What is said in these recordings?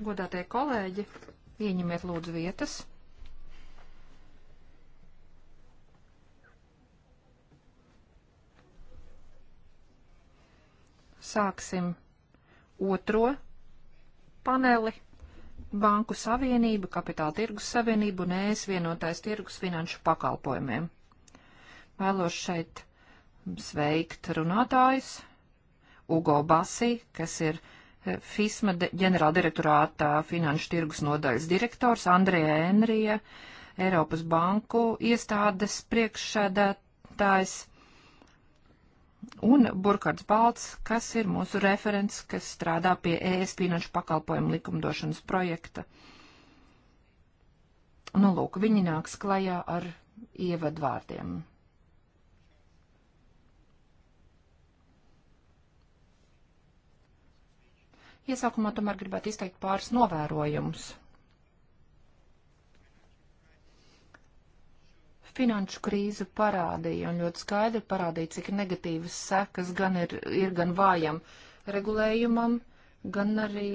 Godātie kolēģi, ieņemiet lūdzu vietas. Sāksim otro paneli - Banku savienība, kapitāla tirgus savienība un ēs vienotais tirgus finanšu pakalpojumiem. Vēlos šeit sveikt runātājus Ugo Basi, kas ir FISMA ģenerāldirektorāta finanšu tirgus nodaļas direktors Andrija Enrija, Eiropas banku iestādes priekšsēdētājs un Burkards Balts, kas ir mūsu referents, kas strādā pie ES finanšu pakalpojumu likumdošanas projekta. Nu, lūk, viņi nāks klajā ar ievadvārdiem. Iesākumā tomēr gribētu izteikt pāris novērojumus. Finanšu krīze parādīja un ļoti skaidri parādīja, cik negatīvas sekas gan ir, ir gan vājam regulējumam, gan arī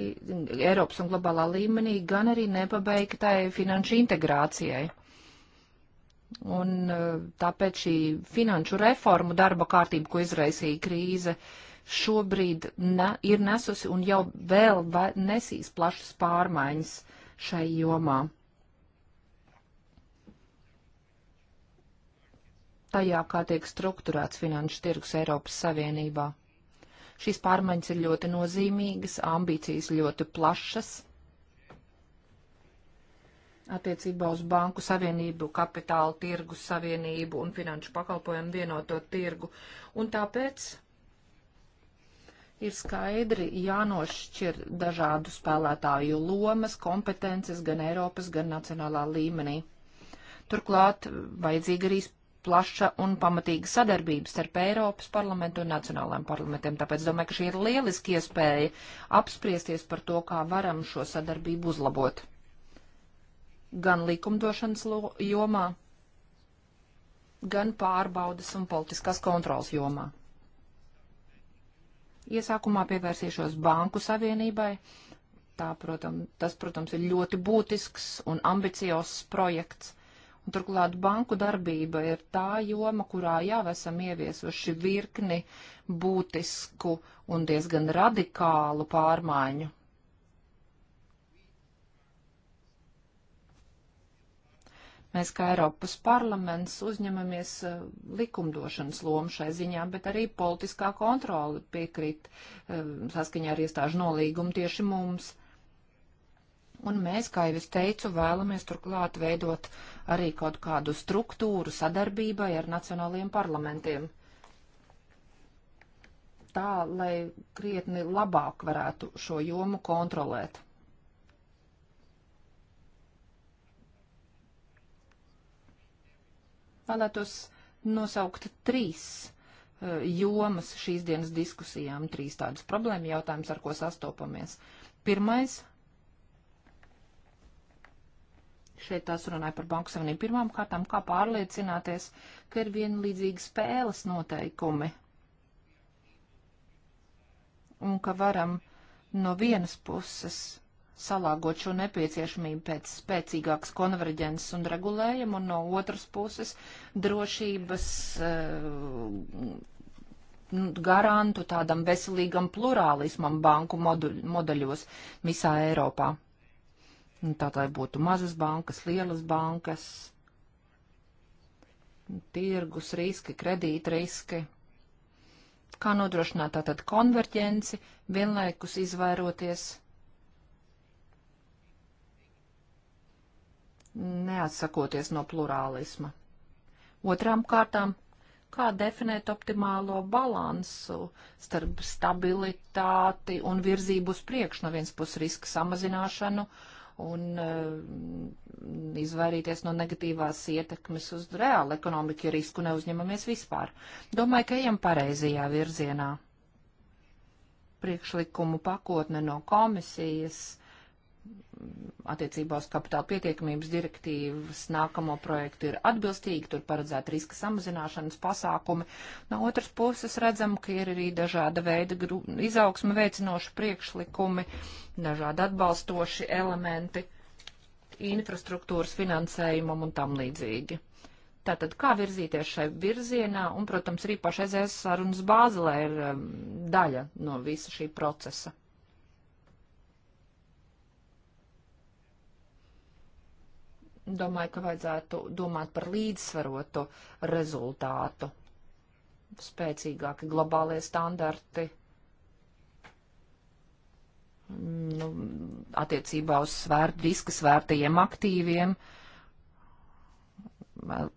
Eiropas un globālā līmenī, gan arī nepabeigtai finanšu integrācijai. Un eh, tāpēc šī finanšu reformu darba kārtība, ko izraisīja krīze, uh, šobrīd ne, ir nesusi un jau vēl nesīs plašas pārmaiņas šai jomā. Tajā, kā tiek strukturēts finanšu tirgus Eiropas Savienībā. Šīs pārmaiņas ir ļoti nozīmīgas, ambīcijas ļoti plašas attiecībā uz banku savienību, kapitāla tirgu savienību un finanšu pakalpojumu vienoto tirgu. Un tāpēc ir skaidri jānošķir dažādu spēlētāju lomas, kompetences gan Eiropas, gan nacionālā līmenī. Turklāt vajadzīga arī plaša un pamatīga sadarbība starp Eiropas parlamentu un nacionālajiem parlamentiem. Tāpēc domāju, ka šī ir lieliski iespēja apspriesties par to, kā varam šo sadarbību uzlabot. Gan likumdošanas jomā, gan pārbaudas un politiskās kontrols jomā. Iesākumā pievērsīšos Banku Savienībai. Tā, protams, tas, protams, ir ļoti būtisks un ambiciozs projekts. Un turklāt banku darbība ir tā joma, kurā jau esam ieviesuši virkni būtisku un diezgan radikālu pārmaiņu. Mēs kā Eiropas parlaments uzņemamies eh, likumdošanas lomu šai ziņā, bet arī politiskā kontrola piekrīt eh, saskaņā ar iestāžu nolīgumu tieši mums. Un mēs, kā jau es teicu, vēlamies turklāt veidot arī kaut kādu struktūru sadarbībai ar nacionālajiem parlamentiem tā, lai krietni labāk varētu šo jomu kontrolēt. Vēlētos nosaukt trīs e, jomas šīs dienas diskusijām, trīs tādas problēma jautājums, ar ko sastopamies. Pirmais, šeit tās runāja par Banku Savienību pirmām kārtām, kā pārliecināties, ka ir vienlīdzīgi spēles noteikumi un ka varam no vienas puses salāgot šo nepieciešamību pēc spēcīgākas konverģences un regulējuma, un no otras puses drošības nu, garantu tādam veselīgam plurālismam banku modeļos visā Eiropā. Un nu, tā lai būtu mazas bankas, lielas bankas, tirgus riski, kredīt riski, kā nodrošināt tātad konverģenci, vienlaikus izvairoties neatsakoties no plurālisma. Otrām kārtām, kā definēt optimālo balansu starp stabilitāti un virzību uz priekšu, no vienas puses riska samazināšanu un uh, izvairīties no negatīvās ietekmes uz reālu ekonomiku, ja risku neuzņemamies vispār. Domāju, ka ejam pareizajā virzienā. Priekšlikumu pakotne no komisijas attiecībā uz kapitāla pietiekamības direktīvas nākamo projektu ir atbilstīgi, tur paredzēta riska samazināšanas pasākumi. No otras puses redzam, ka ir arī dažāda veida izaugsme veicinoši priekšlikumi, dažādi atbalstoši elementi infrastruktūras finansējumam un tam līdzīgi. Tātad, kā virzīties šai virzienā, un, protams, arī pašreizējais sarunas bāzelē ir um, daļa no visa šī procesa. domāju, ka vajadzētu domāt par līdzsvarotu rezultātu. Spēcīgāki globālie standarti nu, attiecībā uz svērt, riska svērtajiem aktīviem.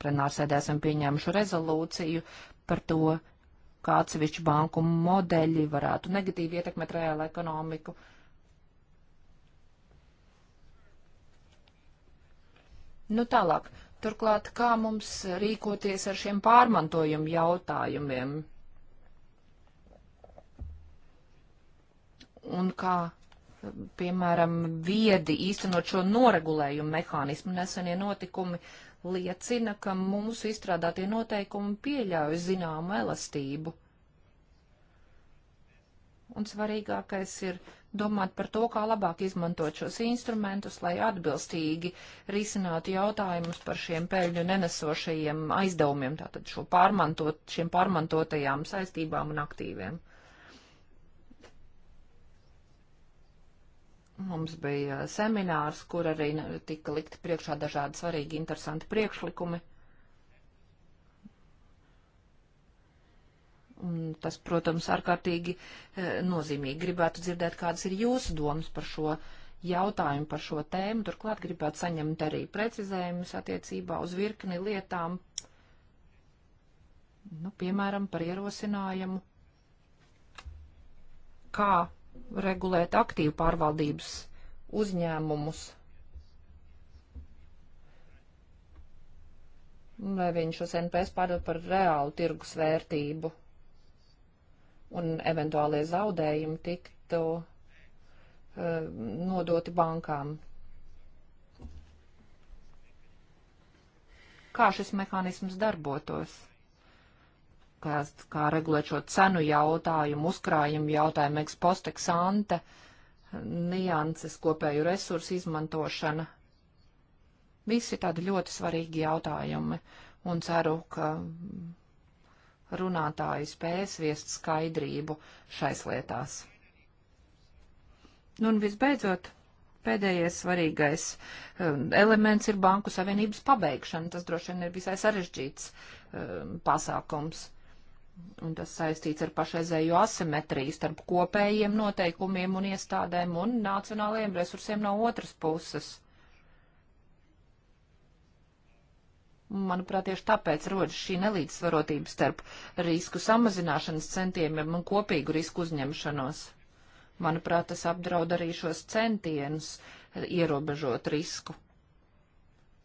Plenārsēdē esam pieņēmuši rezolūciju par to, kā atsevišķu banku modeļi varētu negatīvi ietekmēt reālu ekonomiku. Uh, Nu tālāk, turklāt kā mums rīkoties ar šiem pārmantojumu jautājumiem? Un kā, piemēram, viedi īstenot šo noregulējumu mehānismu nesenie notikumi liecina, ka mūsu izstrādātie noteikumi pieļauj zināmu elastību Un svarīgākais ir domāt par to, kā labāk izmantot šos instrumentus, lai atbilstīgi risinātu jautājumus par šiem peļņu nenesošajiem aizdevumiem, tātad šo pārmantot, šiem pārmantotajām saistībām un aktīviem. Mums bija seminārs, kur arī tika likti priekšā dažādi svarīgi interesanti priekšlikumi. Un tas, protams, ārkārtīgi e, nozīmīgi. Gribētu dzirdēt, kādas ir jūsu domas par šo jautājumu, par šo tēmu. Turklāt gribētu saņemt arī precizējumus attiecībā uz virkni lietām, nu, piemēram, par ierosinājumu, kā regulēt aktīvu pārvaldības uzņēmumus lai viņi šos NPS pārdod par reālu tirgus vērtību un eventuālie zaudējumi tiktu uh, nodoti bankām. Kā šis mehānisms darbotos? Kā, kā regulēt šo cenu jautājumu, uzkrājumu jautājumu, eksposteks ante, nianses, kopēju resursu izmantošana? Visi tādi ļoti svarīgi jautājumi, un ceru, ka runātāju spējas viest skaidrību šais lietās. Nu un visbeidzot, pēdējais svarīgais um, elements ir Banku Savienības pabeigšana. Tas droši vien ir visai sarežģīts um, pasākums. Un tas saistīts ar pašreizējo asimetriju starp kopējiem noteikumiem un iestādēm un nacionālajiem resursiem no otras puses. Manuprāt, tieši tāpēc rodas šī nelīdzsvarotība starp risku samazināšanas centieniem un kopīgu risku uzņemšanos. Manuprāt, tas apdraud arī šos centienus ierobežot risku.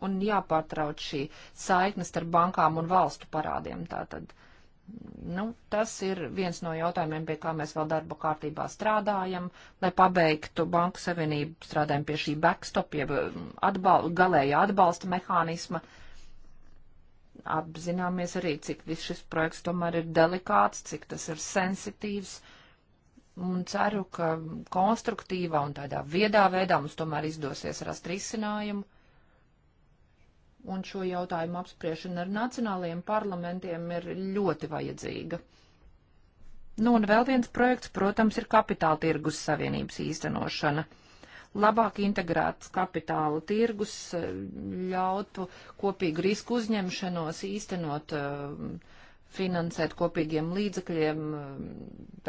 Un jāpārtrauc šī saiknes starp bankām un valstu parādiem. Tātad, nu, tas ir viens no jautājumiem, pie kā mēs vēl darba kārtībā strādājam, lai pabeigtu Banku Savienību, strādājam pie šī backstop, jeb um, atbal galējā atbalsta mehānisma. Uh, apzināmies arī, cik viss šis projekts tomēr ir delikāts, cik tas ir sensitīvs. Un ceru, ka konstruktīvā un tādā viedā veidā mums tomēr izdosies rast risinājumu. Un šo jautājumu apspriešana ar nacionālajiem parlamentiem ir ļoti vajadzīga. Nu, un vēl viens projekts, protams, ir kapitāla tirgus savienības īstenošana labāk integrēts kapitāla tirgus ļautu kopīgu risku uzņemšanos īstenot eh, finansēt kopīgiem līdzekļiem eh,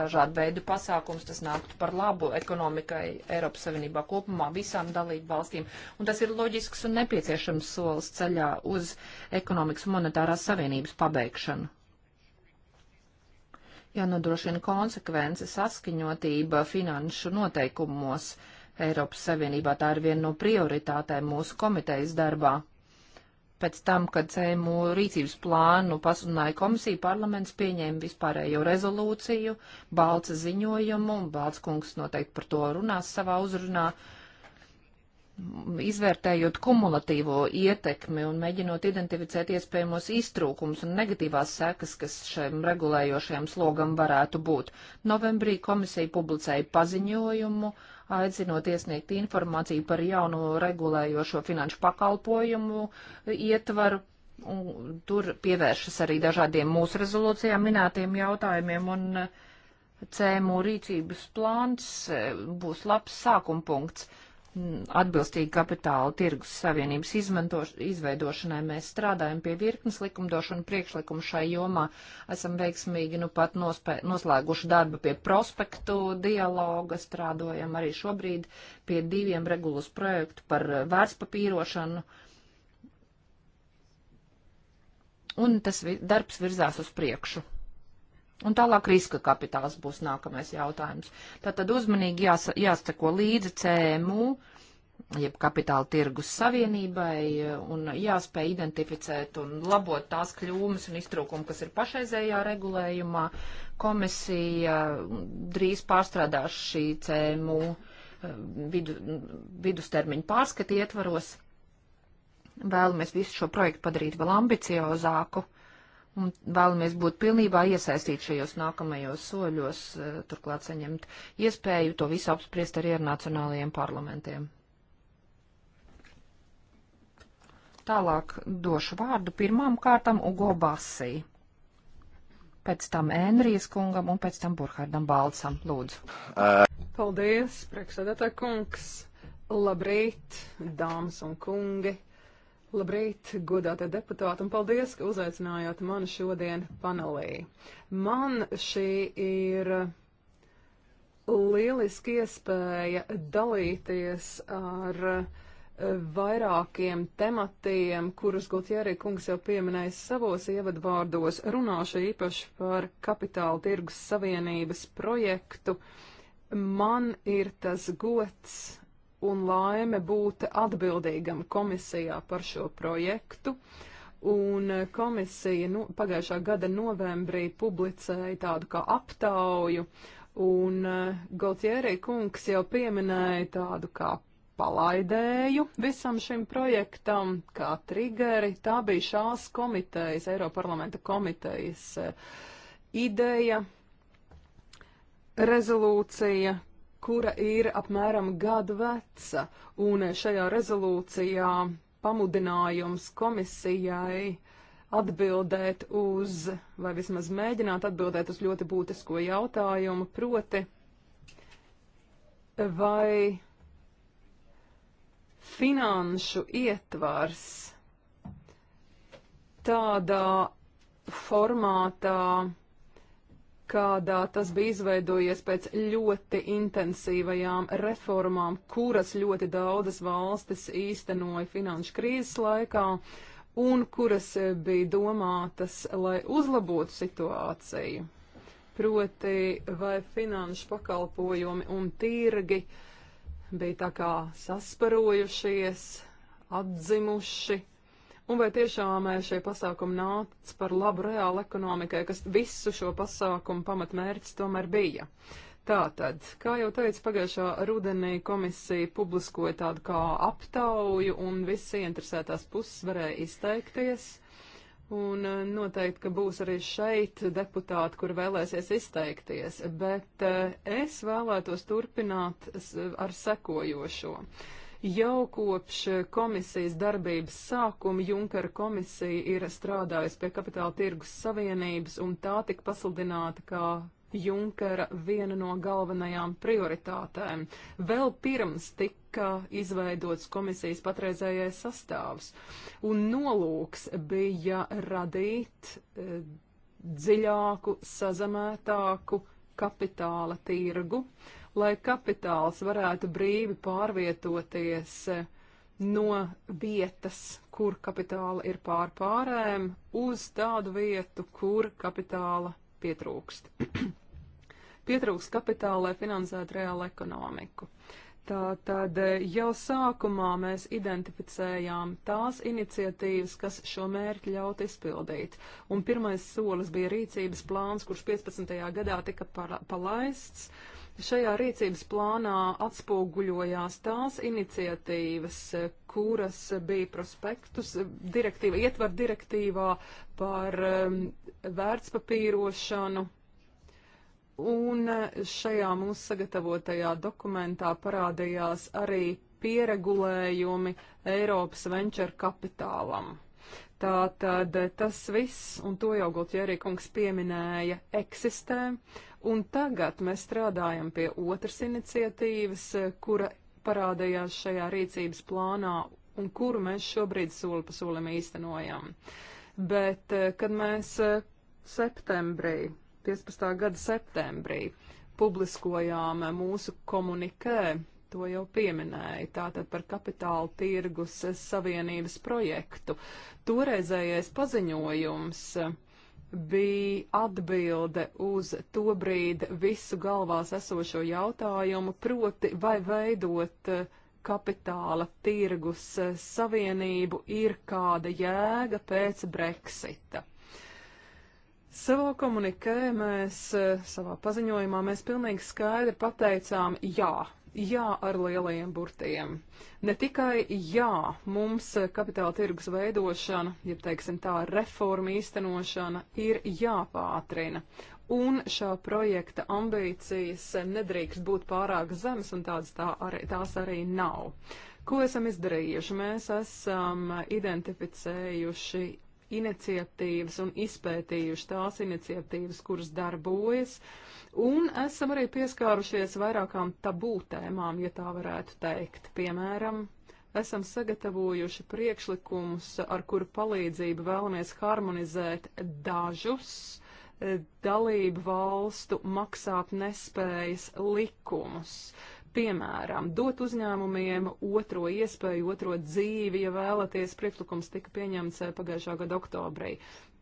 dažādu veidu pasākums, tas nāktu par labu ekonomikai Eiropas Savienībā kopumā visām dalību valstīm. Un tas ir loģisks un nepieciešams solis ceļā uz ekonomikas monetārās savienības pabeigšanu. Jānodrošina konsekvence, saskaņotība finanšu noteikumos. Uh, Eiropas Savienībā. Tā ir viena no prioritātēm mūsu komitejas darbā. Pēc tam, kad CMU rīcības plānu pasunāja komisija, parlaments pieņēma vispārējo rezolūciju, balca ziņojumu, un Balts kungs noteikti par to runās savā uzrunā izvērtējot kumulatīvo ietekmi un mēģinot identificēt iespējamos iztrūkums un negatīvās sekas, kas šiem regulējošajam slogam varētu būt. Novembrī komisija publicēja paziņojumu aicinot iesniegt informāciju par jauno regulējošo finanšu pakalpojumu ietvaru. Un tur pievēršas arī dažādiem mūsu rezolūcijām minētiem jautājumiem, un eh, CMU rīcības plāns eh, būs labs sākuma punkts atbilstīgi kapitāla tirgus savienības izveidošanai. Mēs strādājam pie virknes likumdošanu priekšlikumu šai jomā. Esam veiksmīgi nu pat nospē, noslēguši darbu pie prospektu dialoga, strādājam arī šobrīd pie diviem regulas projektu par vērtspapīrošanu. Un tas vi darbs virzās uz priekšu. Un tālāk riska kapitāls būs nākamais jautājums. Tātad uzmanīgi jās, jāsteko līdzi CMU, jeb kapitāla tirgus savienībai, un jāspēj identificēt un labot tās kļūmes un iztrūkumu, kas ir pašreizējā regulējumā. Komisija drīz pārstrādās šī CMU eh, vidu, vidustermiņu pārskati ietvaros. Vēlamies visu šo projektu padarīt vēl ambiciozāku un vēlamies būt pilnībā iesaistīt šajos nākamajos soļos, eh, turklāt saņemt iespēju to visu apspriest arī ar nacionālajiem parlamentiem. Tālāk došu vārdu pirmām kārtam Ugo Basī, pēc tam Ēnrijas kungam un pēc tam Burhardam Balcam. Lūdzu. Paldies, priekšsēdētāj kungs. Labrīt, dāmas un kungi. Labrīt, godātie deputāti, un paldies, ka uzaicinājāt mani šodien panelī. Man šī ir lieliski iespēja dalīties ar vairākiem tematiem, kurus Gultjērī kungs jau pieminējis savos ievadvārdos. Runāšu īpaši par kapitāla tirgus savienības projektu. Man ir tas gods un laime būt atbildīgam komisijā par šo projektu. Un komisija nu, pagājušā gada novembrī publicēja tādu kā aptauju, un eh, Gautierī kungs jau pieminēja tādu kā palaidēju visam šim projektam, kā trigeri. Tā bija šās komitejas, Eiroparlamenta komitejas eh, ideja, rezolūcija, kura ir apmēram gadu veca, un šajā rezolūcijā pamudinājums komisijai atbildēt uz, vai vismaz mēģināt atbildēt uz ļoti būtisko jautājumu, proti, vai finanšu ietvars tādā formātā, kādā tas bija izveidojies pēc ļoti intensīvajām reformām, kuras ļoti daudzas valstis īstenoja finanšu krīzes laikā un kuras bija domātas, lai uzlabotu situāciju. Proti, vai finanšu pakalpojumi un tirgi bija tā kā sasparojušies, atdzimuši, un vai tiešām eh, šie pasākumi nāca par labu reāli ekonomikai, kas visu šo pasākumu pamatmērķis tomēr bija. Tātad, kā jau teicu, pagājušā rudenī komisija publiskoja tādu kā aptauju, un visi interesētās puses varēja izteikties. Un eh, noteikti, ka būs arī šeit deputāti, kur vēlēsies izteikties, bet eh, es vēlētos turpināt ar sekojošo. Uh, Jau kopš komisijas darbības sākuma Junkara komisija ir strādājusi pie kapitāla tirgus savienības, un tā tika pasludināta kā Junkara viena no galvenajām prioritātēm. Vēl pirms tika izveidots komisijas patreizējais sastāvs, un nolūks bija radīt e, dziļāku, sazamētāku kapitāla tirgu. E, lai kapitāls varētu brīvi pārvietoties eh, no vietas, kur kapitāla ir pārpārēm, uz tādu vietu, kur kapitāla pietrūkst. pietrūkst kapitāla, lai finansētu reālu ekonomiku. Tā tad eh, jau sākumā mēs identificējām tās iniciatīvas, kas šo mērķi ļaut izpildīt. Un pirmais solis bija rīcības plāns, kurš 15. gadā tika palaists, Šajā rīcības plānā atspoguļojās tās iniciatīvas, kuras bija prospektus direktīva, ietvar direktīvā par um, vērtspapīrošanu. Un uh, šajā mūsu sagatavotajā dokumentā parādījās arī pieregulējumi Eiropas venture kapitālam. Tātad uh, tas viss, un to jau Gultjērī kungs pieminēja, eksistē, Un tagad mēs strādājam pie otras iniciatīvas, eh, kura parādījās šajā rīcības plānā un kuru mēs šobrīd soli pa solim īstenojam. Bet, eh, kad mēs eh, septembrī, 15. gada septembrī, publiskojām mūsu komunikē, to jau pieminēja, tātad par kapitāla tirgus savienības projektu, toreizējais paziņojums bija atbilde uz to brīdi visu galvās esošo jautājumu, proti vai veidot eh, kapitāla tirgus eh, savienību ir kāda jēga pēc Brexita. Savā komunikē mēs, eh, savā paziņojumā mēs pilnīgi skaidri pateicām jā, jā ar lielajiem burtiem. Ne tikai jā, mums kapitāla tirgus veidošana, ja teiksim tā reforma īstenošana ir jāpātrina. Un šā projekta ambīcijas nedrīkst būt pārāk zemas, un tādas tā arī, tās arī nav. Ko esam izdarījuši? Mēs esam identificējuši iniciatīvas un izpētījuši tās iniciatīvas, kuras darbojas, un esam arī pieskārušies vairākām tabū tēmām, ja tā varētu teikt. Piemēram, esam sagatavojuši priekšlikumus, ar kuru palīdzību vēlamies harmonizēt dažus eh, dalību valstu maksāt nespējas likumus. Uh, piemēram, dot uzņēmumiem otro iespēju, otro dzīvi, ja vēlaties, priekšlikums tika pieņemts eh, pagājušā gada oktobrī.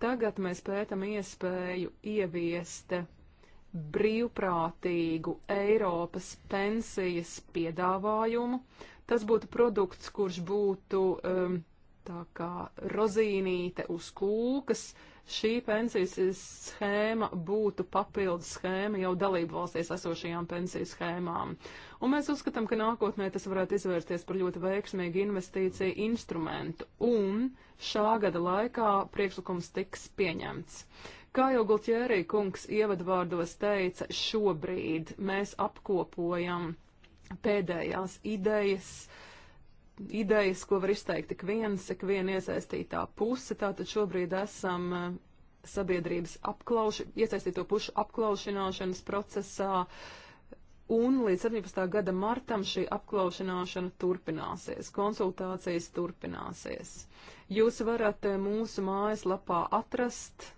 Tagad mēs pētam iespēju ieviest brīvprātīgu Eiropas pensijas piedāvājumu. Tas būtu produkts, kurš būtu um, tā kā rozīnīte uz kūkas, uh, šī pensijas schēma būtu papildus schēma jau dalību valstīs esošajām pensiju schēmām. Un mēs uzskatām, ka nākotnē tas varētu izvērsties par ļoti veiksmīgu investīciju instrumentu. Un šā gada laikā priekšlikums tiks pieņemts. Kā jau Gultjērī kungs ievadvārdos teica, šobrīd mēs apkopojam pēdējās idejas, uh, idejas, ko var izteikt tik viens, ik viena iesaistītā puse. Tātad šobrīd esam eh, sabiedrības apklauši, iesaistīto pušu apklaušināšanas procesā. Un līdz 17. gada martam šī apklaušanāšana turpināsies, konsultācijas turpināsies. Jūs varat eh, mūsu mājaslapā atrast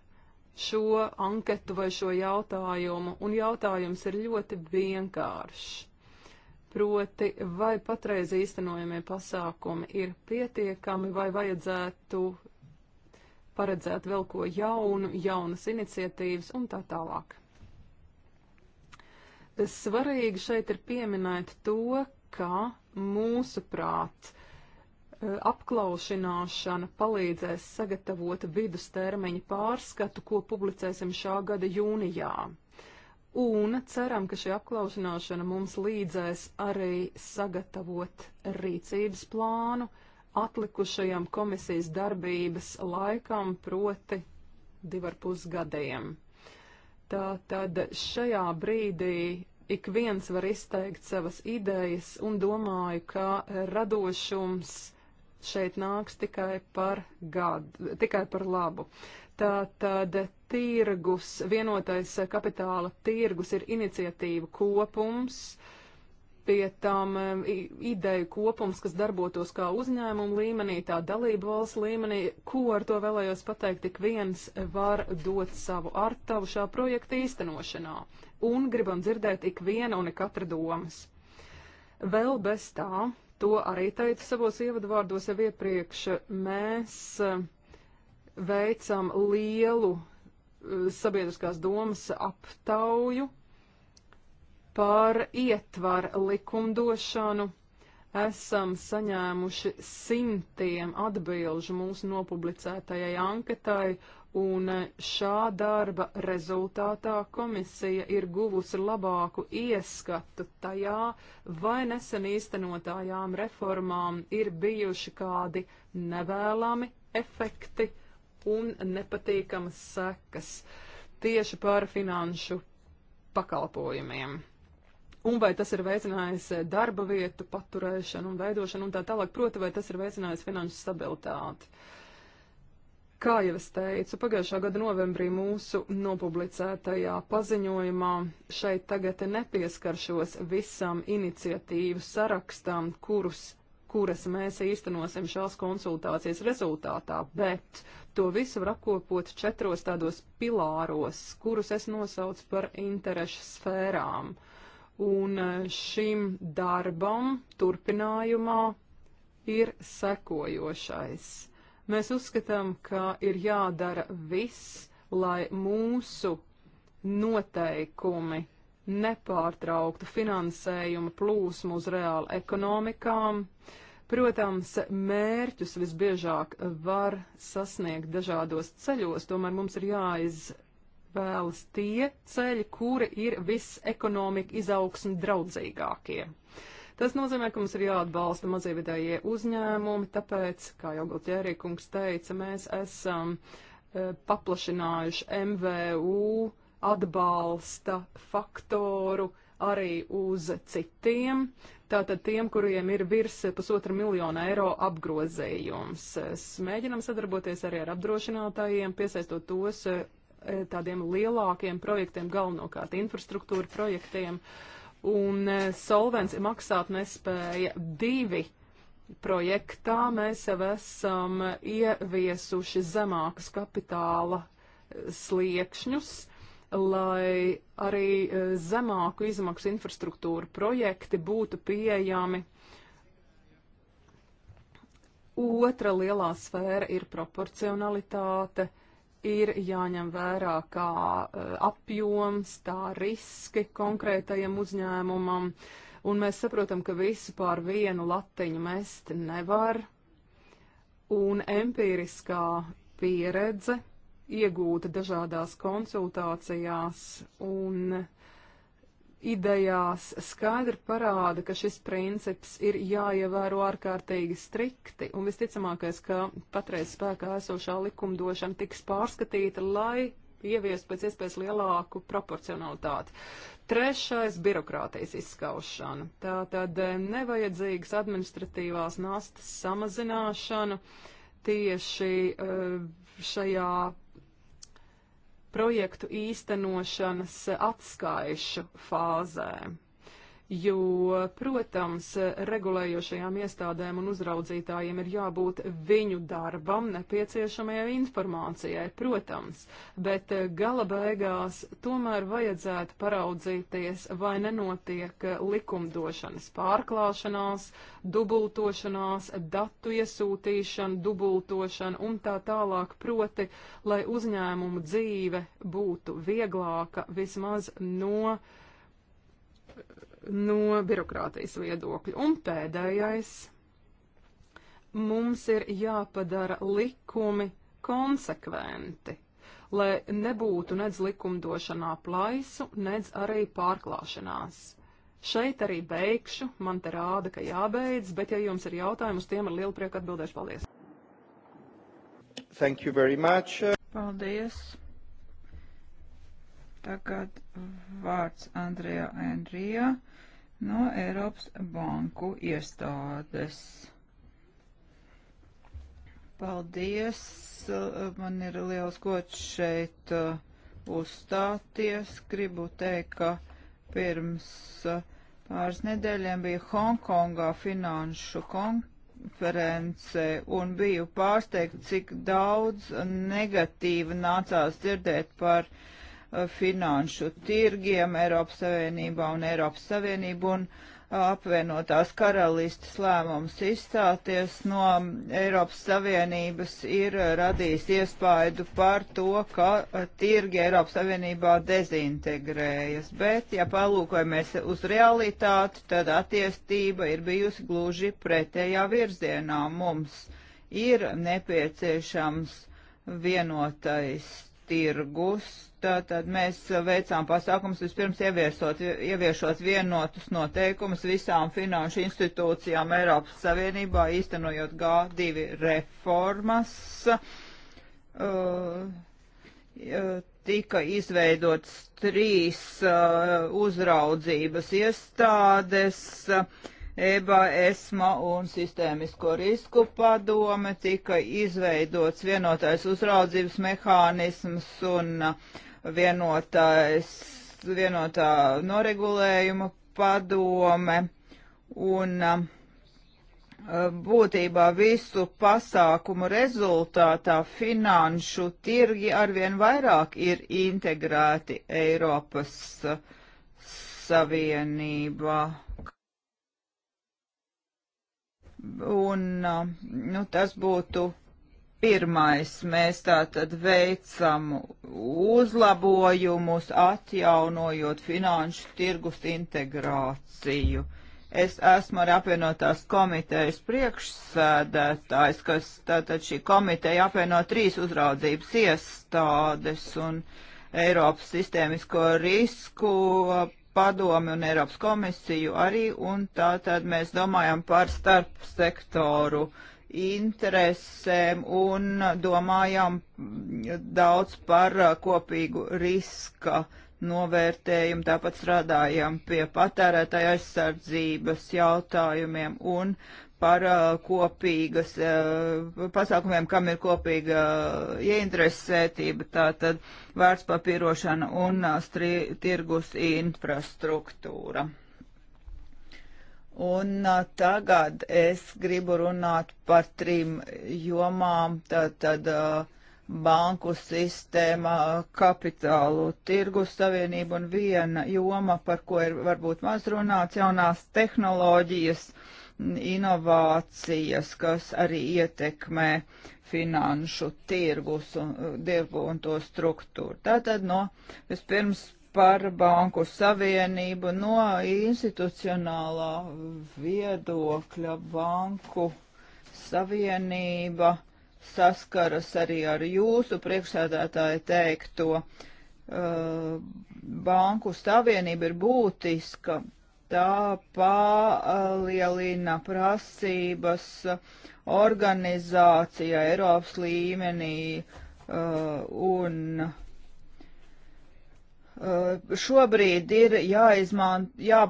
šo anketu vai šo jautājumu, un jautājums ir ļoti vienkāršs proti vai patreiz īstenojamie pasākumi ir pietiekami vai vajadzētu paredzēt vēl ko jaunu, jaunas iniciatīvas un tā tālāk. Svarīgi šeit ir pieminēt to, ka mūsuprāt e, apklaušināšana palīdzēs sagatavot vidustermiņa pārskatu, ko publicēsim šā gada jūnijā un ceram, ka šī apklaušanāšana mums līdzēs arī sagatavot rīcības plānu atlikušajam komisijas darbības laikam, proti divar pusgadiem. Tā tad šajā brīdī ik viens var izteikt savas idejas un domāju, ka radošums šeit nāks tikai par gadu, tikai par labu. Tā tad tirgus, vienotais kapitāla tirgus ir iniciatīva kopums, pie tam um, ideju kopums, kas darbotos kā uzņēmuma līmenī, tā dalību valsts līmenī. Ko ar to vēlējos pateikt, tik viens var dot savu artavu šā projekta īstenošanā. Un gribam dzirdēt ik viena un ik katra domas. Vēl bez tā, to arī teicu savos ievadvārdos jau iepriekš, mēs um, veicam lielu sabiedriskās domas aptauju par ietvaru likumdošanu. Esam saņēmuši simtiem atbilžu mūsu nopublicētajai anketai, un šā darba rezultātā komisija ir guvusi labāku ieskatu tajā, vai nesen īstenotājām reformām ir bijuši kādi nevēlami efekti un nepatīkamas sekas tieši par finanšu pakalpojumiem. Un vai tas ir veicinājis darba vietu paturēšanu un veidošanu un tā tālāk, proti, vai tas ir veicinājis finanšu stabilitāti. Kā jau es teicu, pagājušā gada novembrī mūsu nopublicētajā paziņojumā šeit tagad nepieskaršos visam iniciatīvu sarakstam, kurus kuras mēs īstenosim šās konsultācijas rezultātā, bet To visu var apkopot četros tādos pilāros, kurus es nosaucu par interešu sfērām. Un e, šim darbam turpinājumā ir sekojošais. Mēs uzskatām, ka ir jādara viss, lai mūsu noteikumi nepārtrauktu finansējuma plūsmu uz reāli ekonomikām, uh, Protams, mērķus visbiežāk var sasniegt dažādos ceļos, tomēr mums ir jāizvēlas tie ceļi, kuri ir visekonomika izaugsmi draudzīgākie. Tas nozīmē, ka mums ir jāatbalsta mazīvidējie uzņēmumi, tāpēc, kā jau Gautierīkungs teica, mēs esam e, paplašinājuši MVU atbalsta faktoru, uh, arī uz citiem, tātad tiem, kuriem ir virs pusotra miljona eiro apgrozījums. Es mēģinam sadarboties arī ar apdrošinātājiem, piesaistot tos e, tādiem lielākiem projektiem, galvenokārt infrastruktūra projektiem, un e, solvenci maksāt nespēja divi projektā mēs jau esam ieviesuši zemākas kapitāla e, sliekšņus, lai arī e, zemāku izmaksu infrastruktūra projekti būtu pieejami. Otra lielā sfēra ir proporcionalitāte. Ir jāņem vērā kā e, apjoms, tā riski konkrētajam uzņēmumam, un mēs saprotam, ka visu pār vienu latiņu mest nevar, un empiriskā pieredze iegūta dažādās konsultācijās un idejās skaidri parāda, ka šis princips ir jāievēro ārkārtīgi strikti, un visticamākais, ka patreiz spēkā esošā likumdošana tiks pārskatīta, lai ieviest pēc iespējas lielāku proporcionalitāti. Trešais - birokrātijas izskaušana. Tātad eh, nevajadzīgas administratīvās nastas samazināšanu tieši eh, šajā projektu īstenošanas atskaišu fāzē jo, protams, regulējošajām iestādēm un uzraudzītājiem ir jābūt viņu darbam nepieciešamajai informācijai, protams, bet eh, gala beigās tomēr vajadzētu paraudzīties, vai nenotiek eh, likumdošanas pārklāšanās, dubultošanās, datu iesūtīšana, dubultošana un tā tālāk, proti, lai uzņēmumu dzīve būtu vieglāka vismaz no uh, no birokrātijas viedokļa. Un pēdējais - mums ir jāpadara likumi konsekventi, lai nebūtu nedz likumdošanā plaisu, nedz arī pārklāšanās. Šeit arī beigšu, man te rāda, ka jābeidz, bet ja jums ir jautājumi, uz tiem ar lielu prieku atbildēšu. Paldies! Thank you very much. Paldies! Tagad vārds Andrija Enrija no Eiropas banku iestādes. Paldies! Man ir liels gods šeit uh, uzstāties. Gribu teikt, ka pirms uh, pāris nedēļiem bija Hongkongā finanšu konference un biju pārsteigts, cik daudz negatīva nācās dzirdēt par uh, finanšu tirgiem Eiropas Savienībā un Eiropas Savienību un apvienotās karalistas lēmums izstāties no Eiropas Savienības ir radījis iespaidu par to, ka tirgi Eiropas Savienībā dezintegrējas. Bet, ja palūkojamies uz realitāti, tad attiestība ir bijusi gluži pretējā virzienā. Mums ir nepieciešams vienotais tirgus. Tātad mēs veicām pasākums vispirms ieviesot, ieviešot vienotus noteikumus visām finanšu institūcijām Eiropas Savienībā, īstenojot G2 reformas. Uh, uh, tika izveidots trīs uh, uzraudzības iestādes. Uh, EBA, ESMA un Sistēmisko risku padome, tika izveidots vienotais uzraudzības mehānisms un vienotais, vienotā noregulējuma padome. Un um, būtībā visu pasākumu rezultātā finanšu tirgi arvien vairāk ir integrēti Eiropas Savienībā. Un, nu, tas būtu pirmais. Mēs tātad veicam uzlabojumus, atjaunojot finanšu tirgus integrāciju. Es esmu arī apvienotās komitejas priekšsēdētājs, kas tātad šī komiteja apvieno trīs uzraudzības iestādes un Eiropas sistēmisko risku padomi un Eiropas komisiju arī, un tā tad mēs domājam par starp sektoru interesēm un domājam daudz par kopīgu riska novērtējumu, tāpat strādājam pie patērētāja aizsardzības jautājumiem un uh, par uh, kopīgas uh, pasākumiem, kam ir kopīga ieinteresētība, tātad vērtspapīrošana un uh, stri, tirgus infrastruktūra. Un a, tagad es gribu runāt par trim jomām, tātad banku sistēma, kapitālu, tirgus savienība un viena joma, par ko ir varbūt maz runāts, jaunās tehnoloģijas. Uh, inovācijas, kas arī ietekmē finanšu tirgus un, tirgu un to struktūru. Tātad no vispirms par Banku Savienību no institucionālā viedokļa Banku Savienība saskaras arī ar jūsu priekšsēdētāju teikto. Uh, Banku Savienība ir būtiska tā palielina prasības organizācijā Eiropas līmenī uh, un uh, šobrīd ir jāizmanto, jā,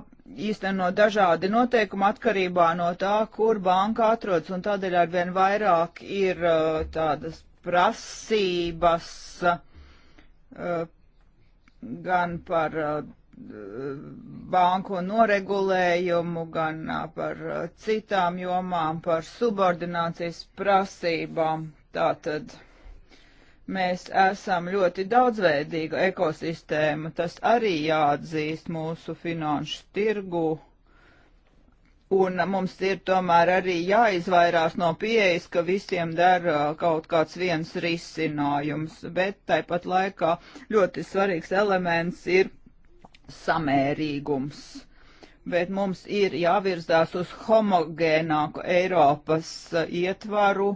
īsteno dažādi noteikumi atkarībā no tā, kur banka atrodas, un tādēļ arvien vairāk ir uh, tādas prasības uh, gan par uh, banku noregulējumu, gan par citām jomām, par subordinācijas prasībām. Tātad mēs esam ļoti daudzveidīga ekosistēma, tas arī jāatzīst mūsu finanšu tirgu. Un mums ir tomēr arī jāizvairās no pieejas, ka visiem der kaut kāds viens risinājums, bet tāpat laikā ļoti svarīgs elements ir samērīgums. Bet mums ir jāvirzās uz homogēnāku Eiropas uh, ietvaru,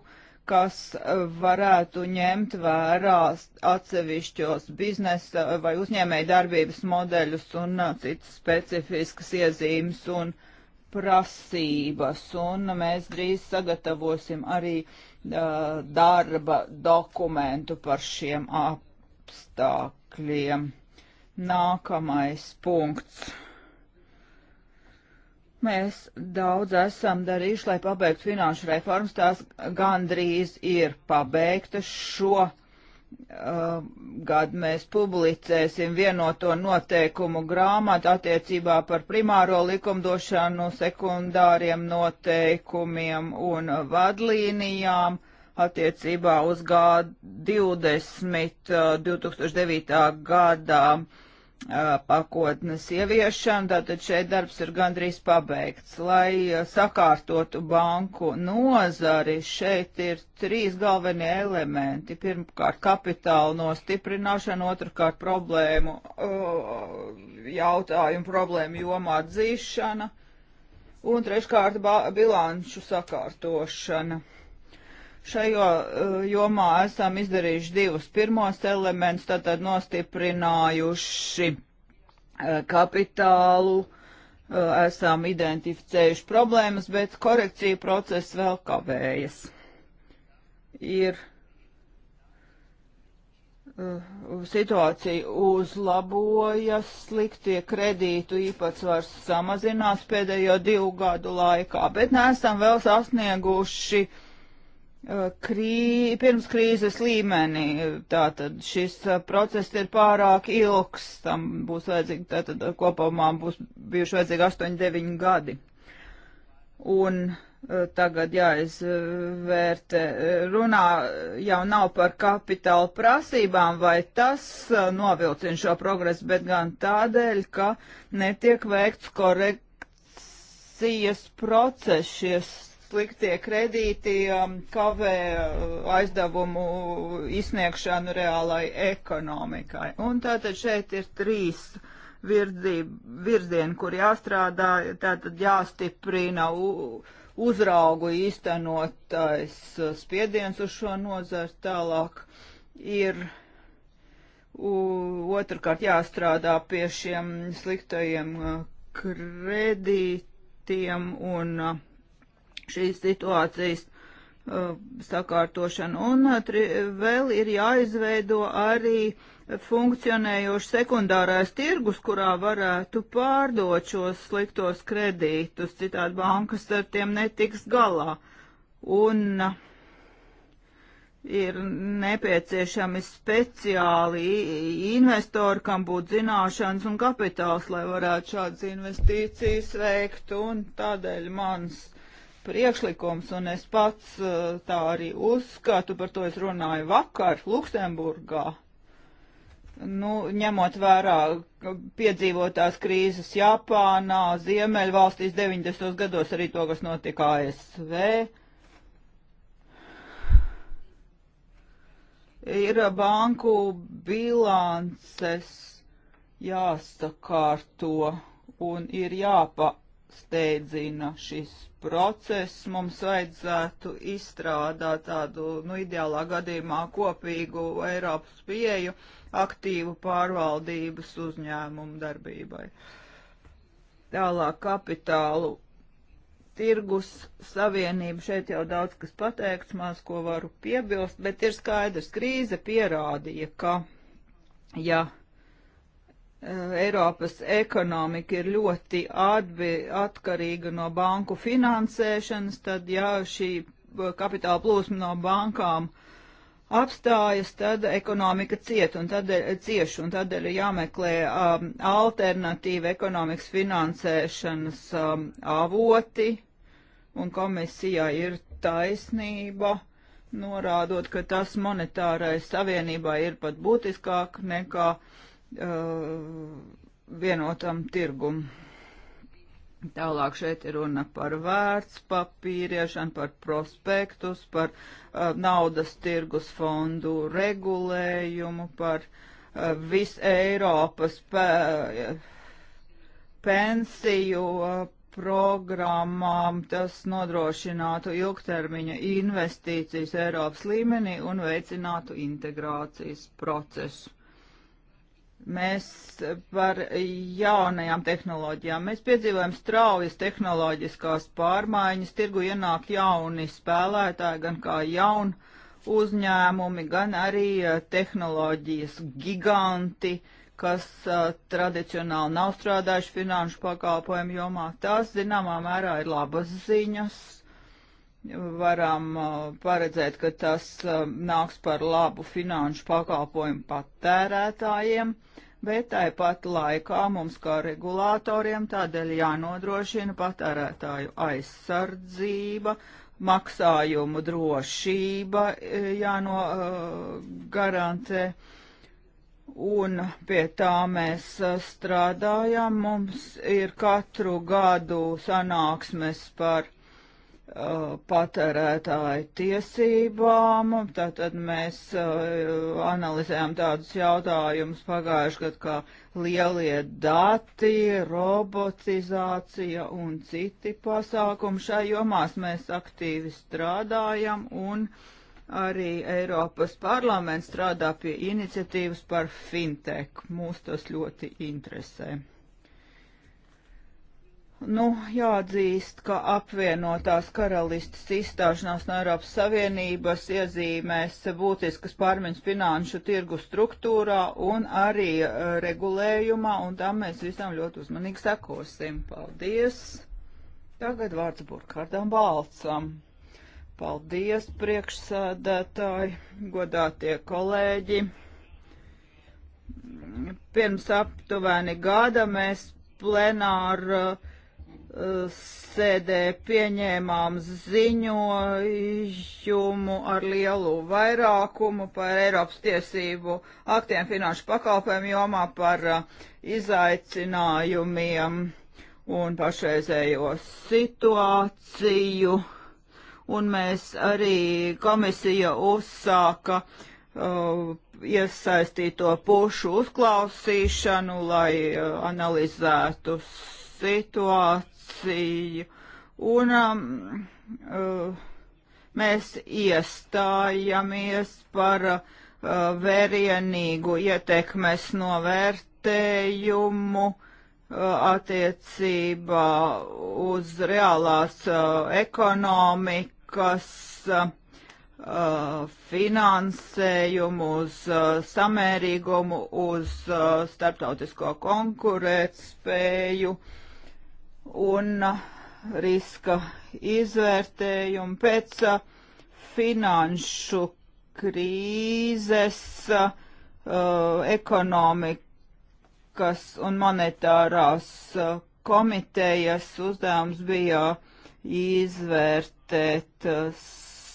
kas uh, varētu ņemt vērā atsevišķos biznesa uh, vai uzņēmēja darbības modeļus un citas specifiskas iezīmes un prasības. Un mēs drīz sagatavosim arī uh, darba dokumentu par šiem apstākļiem. Nākamais punkts. Mēs daudz esam darījuši, lai pabeigtu finanšu reformas. Tās gandrīz ir pabeigtas. Šo uh, gadu mēs publicēsim vienoto noteikumu grāmatu attiecībā par primāro likumdošanu, sekundāriem noteikumiem un vadlīnijām attiecībā uz G20 uh, 2009. gadā pakotnes ieviešanu, tātad šeit darbs ir gandrīz pabeigts. Lai sakārtotu banku nozari, šeit ir trīs galvenie elementi. Pirmkārt, kapitāla nostiprināšana, otrkārt, problēmu jautājumu, problēmu jomā atzīšana, un treškārt, bilanču sakārtošana. Šajo eh, jomā esam izdarījuši divus pirmos elementus, tātad nostiprinājuši eh, kapitālu, eh, esam identificējuši problēmas, bet korekcija process vēl kavējas. Ir situācija uzlabojas, sliktie kredītu īpatsvars samazinās pēdējo divu gadu laikā, bet neesam vēl sasnieguši uh, Uh, krī, pirms krīzes līmenī. Uh, tātad šis uh, process ir pārāk ilgs, tam būs vajadzīgi, tātad kopumā būs bijuši vajadzīgi 8-9 gadi. Un tagad jāizvērtē. Runā jau nav par kapitāla prasībām vai tas novilcina šo progresu, bet gan tādēļ, ka netiek veikts korekcijas process. Šie sliktie kredīti um, kavē uh, aizdevumu izsniegšanu reālai ekonomikai. Un tātad šeit ir trīs virzieni, kur jāstrādā, tātad jāstiprina uzraugu īstenotais uh, spiediens uz šo nozaru tālāk ir otrkārt jāstrādā pie šiem sliktajiem uh, kredītiem un uh, šīs situācijas uh, sakārtošanu. Un uh, tri, vēl ir jāizveido arī funkcionējošs sekundārais tirgus, kurā varētu pārdot šos sliktos kredītus, citādi bankas ar tiem netiks galā. Un uh, ir nepieciešami speciāli investori, kam būtu zināšanas un kapitāls, lai varētu šādas investīcijas veikt, un tādēļ mans priekšlikums, un es pats eh, tā arī uzskatu, par to es runāju vakar Luksemburgā. Nu, ņemot vērā piedzīvotās krīzes Japānā, Ziemeļvalstīs 90. gados arī to, kas notika ASV, ir banku bilances jāsakārto un ir jāpasteidzina šis procesu, mums vajadzētu izstrādāt tādu, nu, ideālā gadījumā kopīgu Eiropas pieju aktīvu pārvaldības uzņēmumu darbībai. Tālāk kapitālu tirgus savienību. Šeit jau daudz kas pateikts, maz ko varu piebilst, bet ir skaidrs, krīze pierādīja, ka, ja Eiropas ekonomika ir ļoti atbi, atkarīga no banku finansēšanas, tad ja šī kapitāla plūsma no bankām apstājas, tad ekonomika ciet un tādēļ, cieš, un tādēļ ir jāmeklē um, alternatīva ekonomikas finansēšanas um, avoti, un komisijā ir taisnība norādot, ka tas monetārai savienībā ir pat būtiskāk nekā uh, uh, vienotam tirgum. Tālāk šeit ir runa par vērts papīriešanu, par prospektus, par uh, naudas tirgus fondu regulējumu, par uh, visu Eiropas pe, pensiju uh, programmām. Tas nodrošinātu ilgtermiņa investīcijas Eiropas līmenī un veicinātu integrācijas procesu mēs par jaunajām tehnoloģijām. Mēs piedzīvojam straujas tehnoloģiskās pārmaiņas, tirgu ienāk jauni spēlētāji, gan kā jauni uzņēmumi, gan arī eh, tehnoloģijas giganti, kas uh, tradicionāli nav strādājuši finanšu pakalpojumu jomā. Tas, zināmā mērā, ir labas ziņas, varam uh, paredzēt, ka tas uh, nāks par labu finanšu pakalpojumu patērētājiem, bet tāpat laikā mums kā regulātoriem tādēļ jānodrošina patērētāju aizsardzība, maksājumu drošība uh, jānogarantē. Un pie tā mēs strādājam. Mums ir katru gadu sanāksmes par Uh, patērētāju tiesībām. Tātad mēs uh, analizējām tādus jautājumus pagājuši gadu kā lielie dati, robotizācija un citi pasākumi. Šai jomās mēs aktīvi strādājam un arī Eiropas parlaments strādā pie iniciatīvas par fintech. Mūs tas ļoti interesē. Nu, jāatzīst, ka apvienotās karalistes izstāšanās no Eiropas Savienības iezīmēs būtiskas pārmaiņas finanšu tirgu struktūrā un arī eh, regulējumā, un tam mēs visam ļoti uzmanīgi sekosim. Paldies! Tagad vārds Burkhardam Balcam. Paldies, priekšsādātāji, godātie kolēģi! Pirms aptuveni gada mēs plenāru uh, sēdē pieņēmām ziņojumu ar lielu vairākumu par Eiropas tiesību aktiem finanšu pakalpojumu jomā par uh, izaicinājumiem un pašreizējo situāciju. Un mēs arī komisija uzsāka uh, iesaistīto pušu uzklausīšanu, lai uh, analizētu situāciju Turciju. Un um, uh, mēs iestājamies par uh, vērienīgu ietekmes novērtējumu uh, attiecībā uz reālās uh, ekonomikas uh, finansējumu, uz uh, samērīgumu, uz uh, starptautisko konkurētspēju spēju un uh, riska izvērtējumu pēc uh, finanšu krīzes uh, ekonomikas un monetārās uh, komitejas uzdevums bija izvērtēt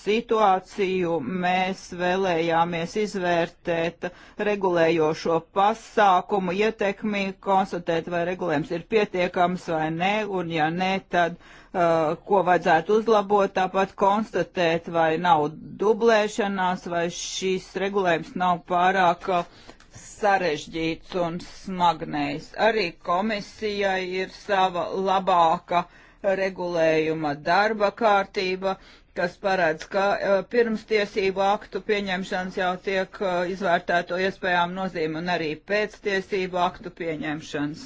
situāciju. Mēs vēlējāmies izvērtēt regulējošo pasākumu ietekmi, konstatēt, vai regulējums ir pietiekams vai nē, un ja nē, tad uh, ko vajadzētu uzlabot, tāpat konstatēt, vai nav dublēšanās, vai šīs regulējums nav pārāk uh, sarežģīts un smagnējs. Arī komisijai ir sava labāka regulējuma darba kārtība, kas paredz, ka e, pirms tiesību aktu pieņemšanas jau tiek e, izvērtēto iespējām nozīme un arī pēc tiesību aktu pieņemšanas.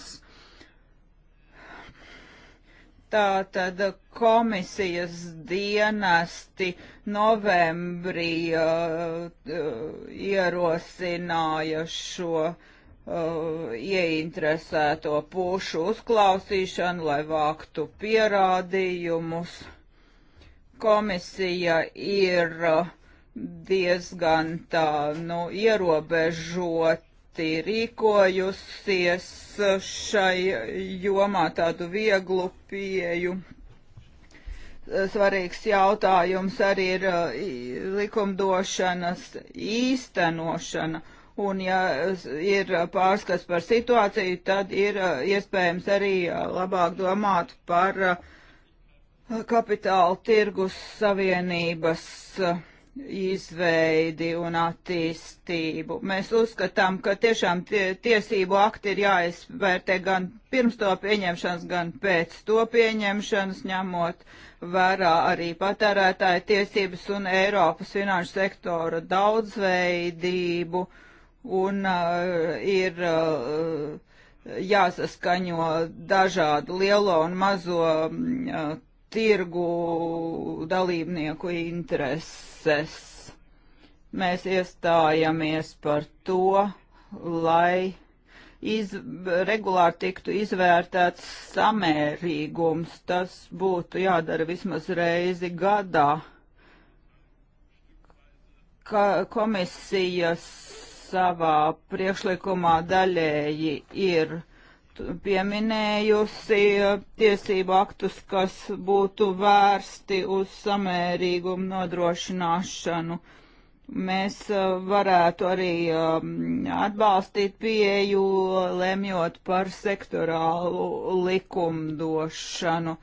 Tātad komisijas dienesti novembrī uh, ierosināja šo uh, ieinteresēto pušu uzklausīšanu, lai vāktu pierādījumus. Uh, komisija ir uh, diezgan tā, nu, ierobežoti rīkojusies šai jomā tādu vieglu pieju. Svarīgs jautājums arī ir uh, likumdošanas īstenošana. Un, ja ir pārskats par situāciju, tad ir uh, iespējams arī labāk domāt par uh, kapitāla tirgus savienības eh, izveidi un attīstību. Mēs uzskatām, ka tiešām tie, tiesību akti ir jāizvērtē gan pirms to pieņemšanas, gan pēc to pieņemšanas, ņemot vērā arī patērētāja tiesības un Eiropas finanšu sektora daudzveidību. Un uh, ir uh, jāsaskaņo dažādu lielo un mazo uh, tirgu dalībnieku intereses. Mēs iestājamies par to, lai iz, regulāri tiktu izvērtēts samērīgums. Tas būtu jādara vismaz reizi gadā. Ka komisijas savā priekšlikumā daļēji ir uh, pieminējusi eh, tiesību aktus, kas būtu vērsti uz samērīgumu nodrošināšanu. Mēs eh, varētu arī ehm, atbalstīt pieju, lemjot par sektorālu likumdošanu.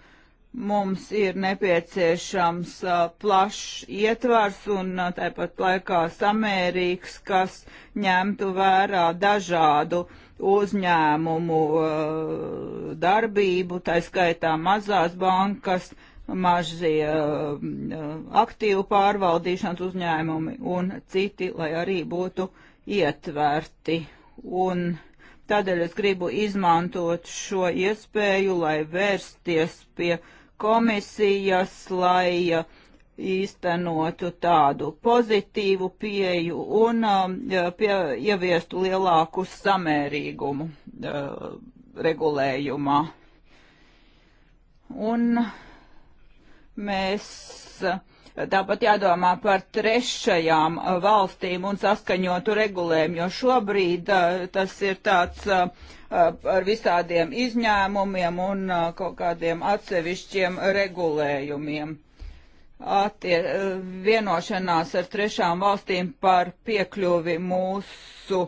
Mums ir nepieciešams eh, plašs ietvars un tāpat laikā samērīgs, kas ņemtu vērā dažādu uh, uzņēmumu eh, darbību, tā skaitā mazās bankas, mazie eh, aktīvu pārvaldīšanas uzņēmumi un citi, lai arī būtu ietverti. Un tādēļ es gribu izmantot šo iespēju, lai vērsties pie komisijas, lai uh, īstenotu tādu pozitīvu pieju un um, pie, ieviestu lielāku samērīgumu uh, regulējumā. Un mēs tāpat jādomā par trešajām valstīm un saskaņotu regulējumu, jo šobrīd uh, tas ir tāds uh, uh ar visādiem izņēmumiem un uh, kaut kādiem atsevišķiem regulējumiem attie, eh, vienošanās ar trešām valstīm par piekļuvi mūsu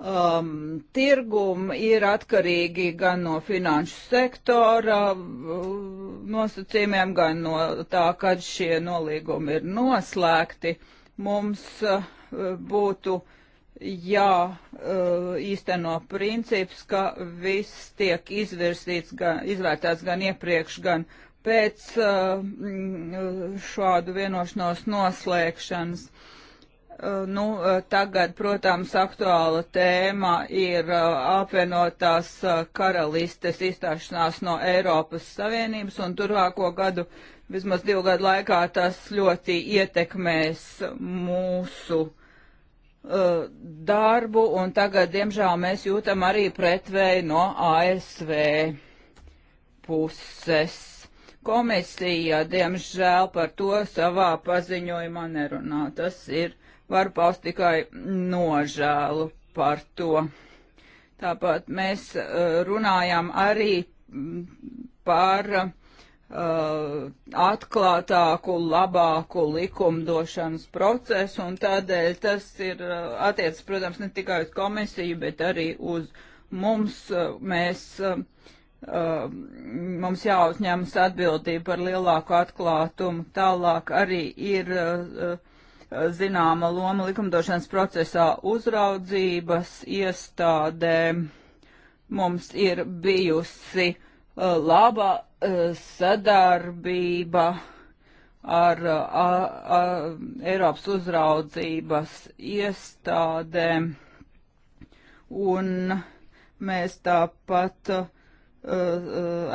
um, tirgumu ir atkarīgi gan no finanšu sektora mm, nosacījumiem, gan no tā, kad šie nolīgumi ir noslēgti. Mums uh, būtu jā, eh, īsteno princips, ka viss tiek izvērstīts, gan, izvērtēts gan iepriekš, gan pēc uh, mm, šādu vienošanos noslēgšanas. Uh, nu, uh, tagad, protams, aktuāla tēma ir apvienotās karalistes izstāšanās no Eiropas Savienības, un turpāko gadu, vismaz divu gadu laikā, tas ļoti ietekmēs mūsu uh, darbu, un tagad, diemžēl, mēs jūtam arī pretvēju no ASV puses Komisija, diemžēl, par to savā paziņojumā nerunā. Tas ir, var paust tikai nožēlu par to. Tāpat mēs eh, runājam arī par uh, atklātāku, labāku likumdošanas procesu, un tādēļ tas ir eh, attiec, protams, ne tikai uz komisiju, bet arī uz mums. Mēs uh, Uh, mums jāuzņemas atbildība par lielāku atklātumu. Tālāk arī ir uh, zināma loma likumdošanas procesā uzraudzības iestādēm. Mums ir bijusi uh, laba eh, sadarbība ar Eiropas uzraudzības iestādēm, un mēs tāpat uh, Eh,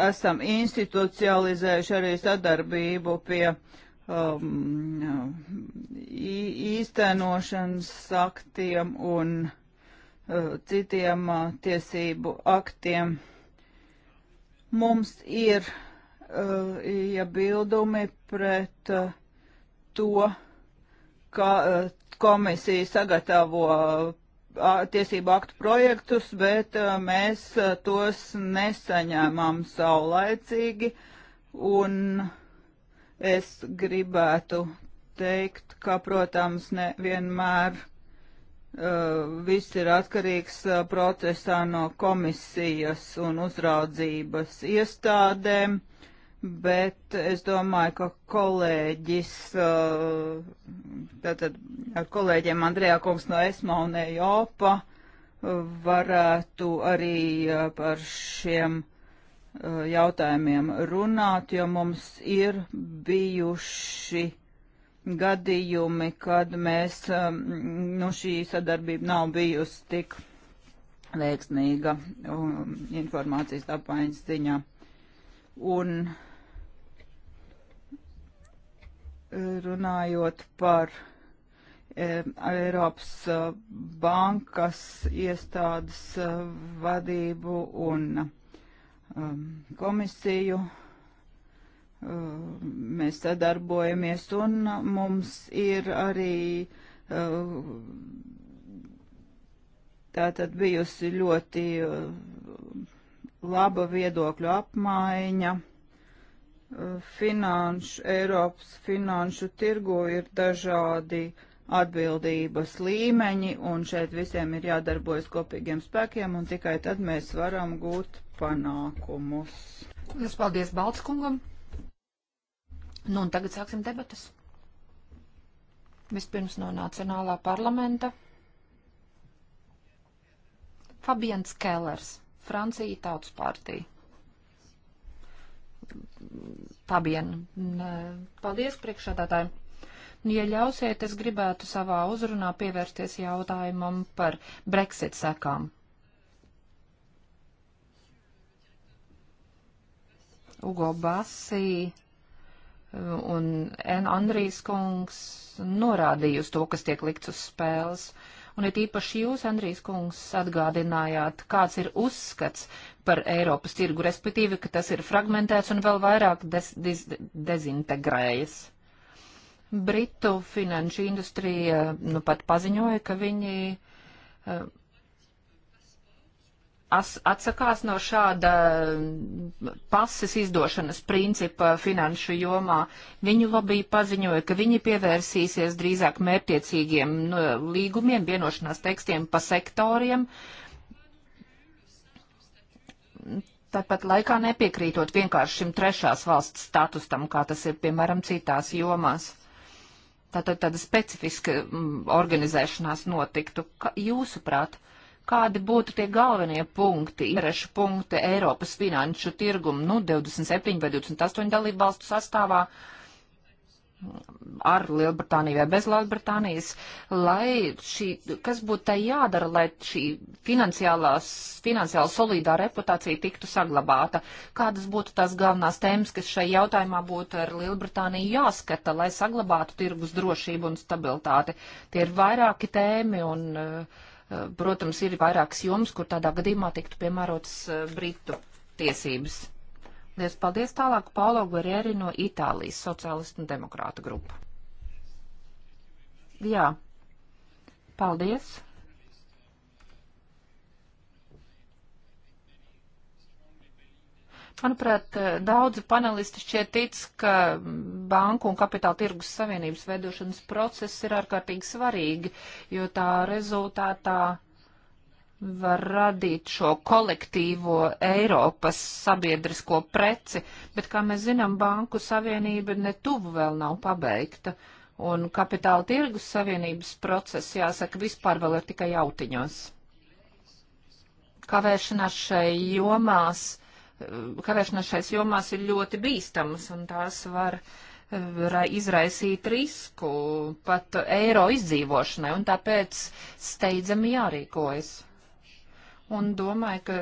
esam institucionalizējuši arī sadarbību pie um, īstenošanas aktiem un uh, citiem uh, tiesību aktiem. Mums ir uh, iebildumi pret uh, to, ka uh, komisija sagatavo tiesību aktu projektus, bet mēs tos nesaņēmām saulaicīgi. Un es gribētu teikt, ka, protams, nevienmēr uh, viss ir atkarīgs uh, procesā no komisijas un uzraudzības iestādēm. Uh, bet es domāju, ka kolēģis, uh, tātad ar kolēģiem Andrejā Kungs no ESMA un EJOPA uh, varētu arī uh, par šiem jautājumiem runāt, jo mums ir bijuši gadījumi, kad mēs, um, nu, šī sadarbība nav bijusi tik veiksmīga um, informācijas apmaiņas ziņā. Un uh, runājot par Eiropas eh, bankas iestādes eh, vadību un komisiju. Eh, mēs sadarbojamies un mums ir arī tātad bijusi ļoti laba viedokļu apmaiņa finanšu, Eiropas finanšu tirgu ir dažādi atbildības līmeņi, un šeit visiem ir jādarbojas kopīgiem spēkiem, un tikai tad mēs varam gūt panākumus. Es paldies Baltskungam. Nu, un tagad sāksim debatas. Vispirms no Nacionālā parlamenta. Fabians Kellers, Francija Tautas partija pabienu. Paldies priekšādātājiem! Nu, ja ļausiet, es gribētu savā uzrunā pievērsties jautājumam par Brexit sekām. Ugo Basī uh, un N. Andrijas kungs norādīja uz to, kas tiek likts uz spēles. Uh, un it īpaši jūs, Andrijs Kungs, atgādinājāt, kāds ir uzskats par Eiropas tirgu, respektīvi, ka tas ir fragmentēts un vēl vairāk des, des, dezintegrējas. Britu finanšu industrija nu pat paziņoja, ka viņi uh, atsakās no šāda mm, pases izdošanas principa finanšu jomā. Viņu lobby paziņoja, ka viņi pievērsīsies drīzāk mērķiecīgiem no, nu, līgumiem, vienošanās tekstiem pa sektoriem. Tāpat laikā nepiekrītot vienkārši šim trešās valsts statustam, kā tas ir, piemēram, citās jomās. Tātad tāda specifiska mm, organizēšanās notiktu. Jūsuprāt, kādi būtu tie galvenie punkti, interešu punkti Eiropas finanšu tirgumu, nu, 27 vai 28 dalību valstu sastāvā ar Lielbritāniju vai bez Lielbritānijas, lai šī, kas būtu tai jādara, lai šī finansiālās, finansiāla solidā reputācija tiktu saglabāta, kādas būtu tās galvenās tēmas, kas šai jautājumā būtu ar Lielbritāniju jāskata, lai saglabātu tirgus drošību un stabilitāti. Tie ir vairāki tēmi un uh, Eh, protams, ir vairākas jomas, kur tādā gadījumā tiktu piemērotas eh, Britu tiesības. Lies paldies tālāk Paulo Guerrieri no Itālijas sociālistu un demokrāta grupa. Jā, paldies. Manuprāt, eh, daudzi panelisti šķiet tic, ka banku un kapitāla tirgus savienības veidošanas process ir ārkārtīgi svarīgi, jo tā rezultātā var radīt šo kolektīvo Eiropas sabiedrisko preci, bet, kā mēs zinām, banku savienība netuvu vēl nav pabeigta, un kapitāla tirgus savienības process, jāsaka, vispār vēl ir tikai jautiņos. Kavēšanās šai jomās kavēšanās šais jomās ir ļoti bīstamas un tās var eh, izraisīt risku pat eiro izdzīvošanai un tāpēc steidzami jārīkojas un domāju, ka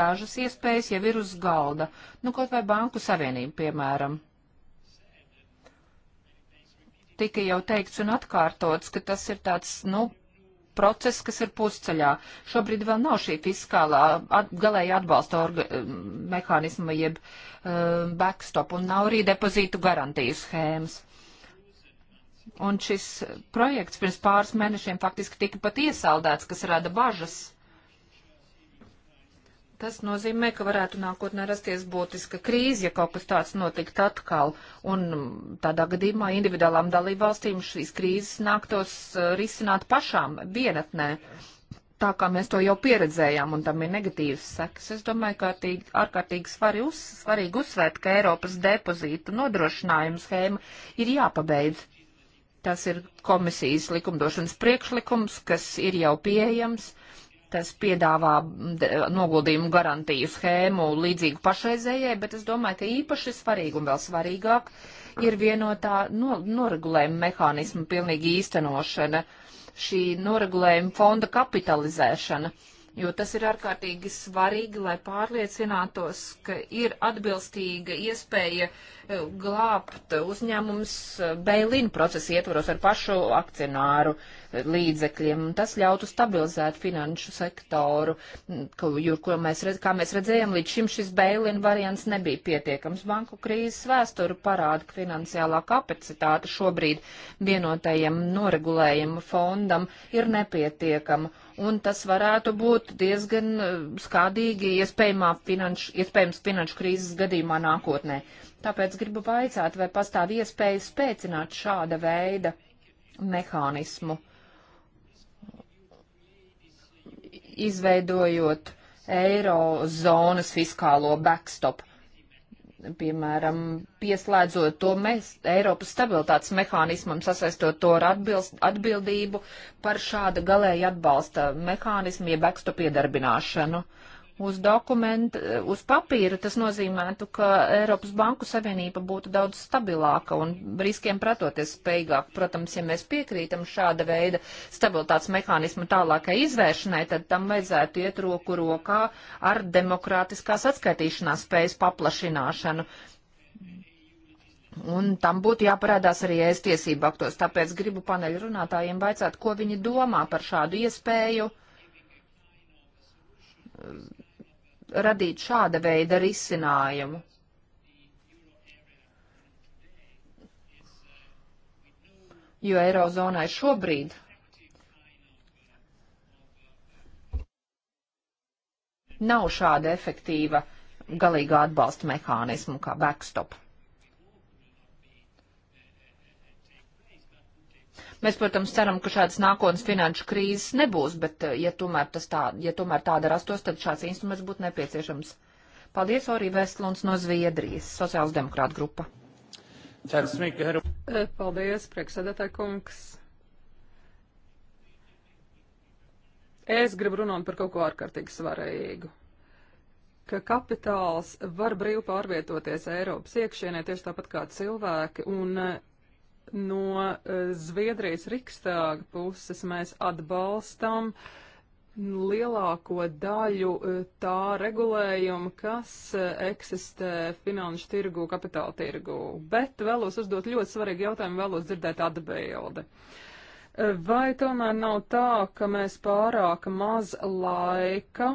dažas iespējas jau ir uz galda. Nu, kaut vai Banku Savienība, piemēram. Tika jau teikts un atkārtots, ka tas ir tāds, nu, process, kas ir pusceļā. Šobrīd vēl nav šī fiskālā at, galēja atbalsta orga, mehānisma jeb uh, backstop un nav arī depozītu garantiju schēmas. Un šis projekts pirms pāris mēnešiem faktiski tika pat iesaldēts, kas rada bažas Tas nozīmē, ka varētu nākotnē rasties būtiska krīze, ja kaut kas tāds notikt atkal, un mm, tādā gadījumā individuālām dalībvalstīm šīs krīzes nāktos eh, risināt pašām vienatnē, tā kā mēs to jau pieredzējām, un tam ir negatīvas sekas. Es domāju, ka tīk, ārkārtīgi svari uz, svarīgi uzsvērt, ka Eiropas depozītu nodrošinājumu schēma ir jāpabeidz. Tas ir komisijas likumdošanas priekšlikums, kas ir jau pieejams Tas piedāvā noguldījumu garantiju schēmu līdzīgu pašreizējai, bet es domāju, ka īpaši svarīgi un vēl svarīgāk ir vienotā no, noregulējuma mehānisma pilnīgi īstenošana, šī noregulējuma fonda kapitalizēšana. Uh, jo tas ir ārkārtīgi svarīgi, lai pārliecinātos, ka ir atbilstīga iespēja e, glābt uzņēmums e, Beilina procesa ietvaros ar pašu akcionāru e, līdzekļiem. Tas ļautu stabilizēt finanšu sektoru, ko, jo, ko mēs, redz, kā mēs redzējām, līdz šim šis Beilina variants nebija pietiekams. Banku krīzes vēsturu parāda, ka finansiālā kapacitāte šobrīd vienotajam noregulējuma fondam ir nepietiekama un tas varētu būt diezgan uh, skādīgi iespējamā finanšu, iespējams finanšu krīzes gadījumā nākotnē. Tāpēc gribu vaicāt, vai pastāv iespēja spēcināt šāda veida mehānismu, izveidojot eirozonas fiskālo backstop piemēram, pieslēdzot to mēs, Eiropas stabilitātes mehānismam, sasaistot to ar atbilst, atbildību par šāda galēja atbalsta mehānismu, jeb ekstu piedarbināšanu. Uh, uz dokumentu, uz papīra, tas nozīmētu, ka Eiropas Banku Savienība būtu daudz stabilāka un riskiem pretoties spējīgāk. Protams, ja mēs piekrītam šāda veida stabilitātes mehānismu tālākai izvēršanai, tad tam vajadzētu iet roku rokā ar demokrātiskās atskaitīšanās spējas paplašināšanu. Un tam būtu jāparādās arī ēst tiesību aktos, tāpēc gribu paneļu runātājiem vaicāt, ko viņi domā par šādu iespēju radīt šāda veida risinājumu. Jo Eirozonai šobrīd nav šāda efektīva galīga atbalsta mehānismu kā backstop. Mēs, protams, ceram, ka šādas nākotnes finanšu krīzes nebūs, bet, eh, ja tomēr, tā, ja tomēr tāda rastos, tad šāds instruments būtu nepieciešams. Paldies, Orī Vestlunds no Zviedrijas, sociāls demokrāta grupa. Eh, paldies, priekšsēdētāj kungs. Es gribu runāt par kaut ko ārkārtīgi svarīgu ka kapitāls var brīvi pārvietoties Eiropas iekšienē, tieši tāpat kā cilvēki, un eh, no eh, Zviedrijas Rikstāga puses mēs atbalstam lielāko daļu eh, tā regulējuma, kas eh, eksistē finanšu tirgu, kapitāla tirgu. Bet vēlos uzdot ļoti svarīgu jautājumu, vēlos dzirdēt atbildi. Vai tomēr nav tā, ka mēs pārāk maz laika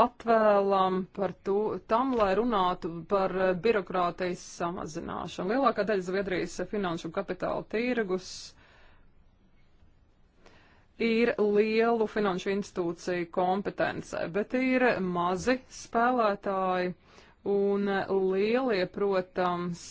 atvēlam par to, tam, lai runātu par eh, birokrātijas samazināšanu. Lielākā daļa Zviedrijas finanšu kapitāla tirgus ir lielu finanšu institūciju kompetencē, bet ir mazi spēlētāji un lielie, protams,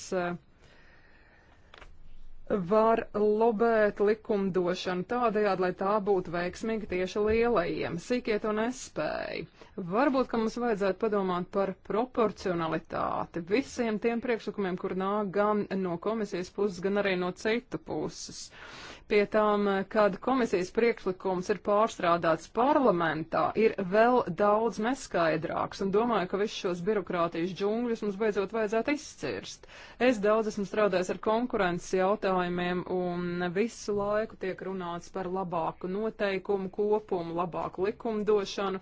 var lobēt likumdošanu tādējādi, lai tā būtu veiksmīga tieši lielajiem. Sīkie to nespēja. Varbūt, ka mums vajadzētu padomāt par proporcionalitāti visiem tiem priekšlikumiem, kur nāk gan no komisijas puses, gan arī no citu puses. Uh, Pie tām, kad komisijas priekšlikums ir pārstrādāts parlamentā, ir vēl daudz neskaidrāks, un domāju, ka visus šos birokrātijas džungļus mums beidzot vajadzētu izcirst. Es daudz esmu strādājis ar konkurences jautājumiem, un visu laiku tiek runāts par labāku noteikumu kopumu, labāku likumdošanu,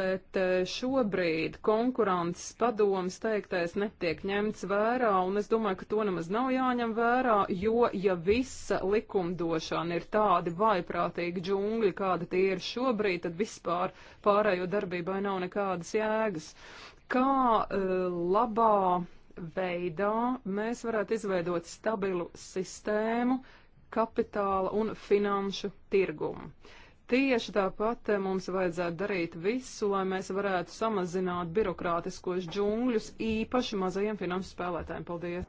bet eh, šobrīd konkurences padomas teiktais netiek ņemts vērā, un es domāju, ka to nemaz nav jāņem vērā, jo, ja visa likumdošana likumdošana ir tādi vaiprātīgi džungļi, kāda tie ir šobrīd, tad vispār pārējo darbībai nav nekādas jēgas. Kā uh, labā veidā mēs varētu izveidot stabilu sistēmu kapitāla un finanšu tirgumu? Tieši tāpat eh, mums vajadzētu darīt visu, lai mēs varētu samazināt birokrātiskos džungļus īpaši mazajiem finanšu spēlētājiem. Paldies!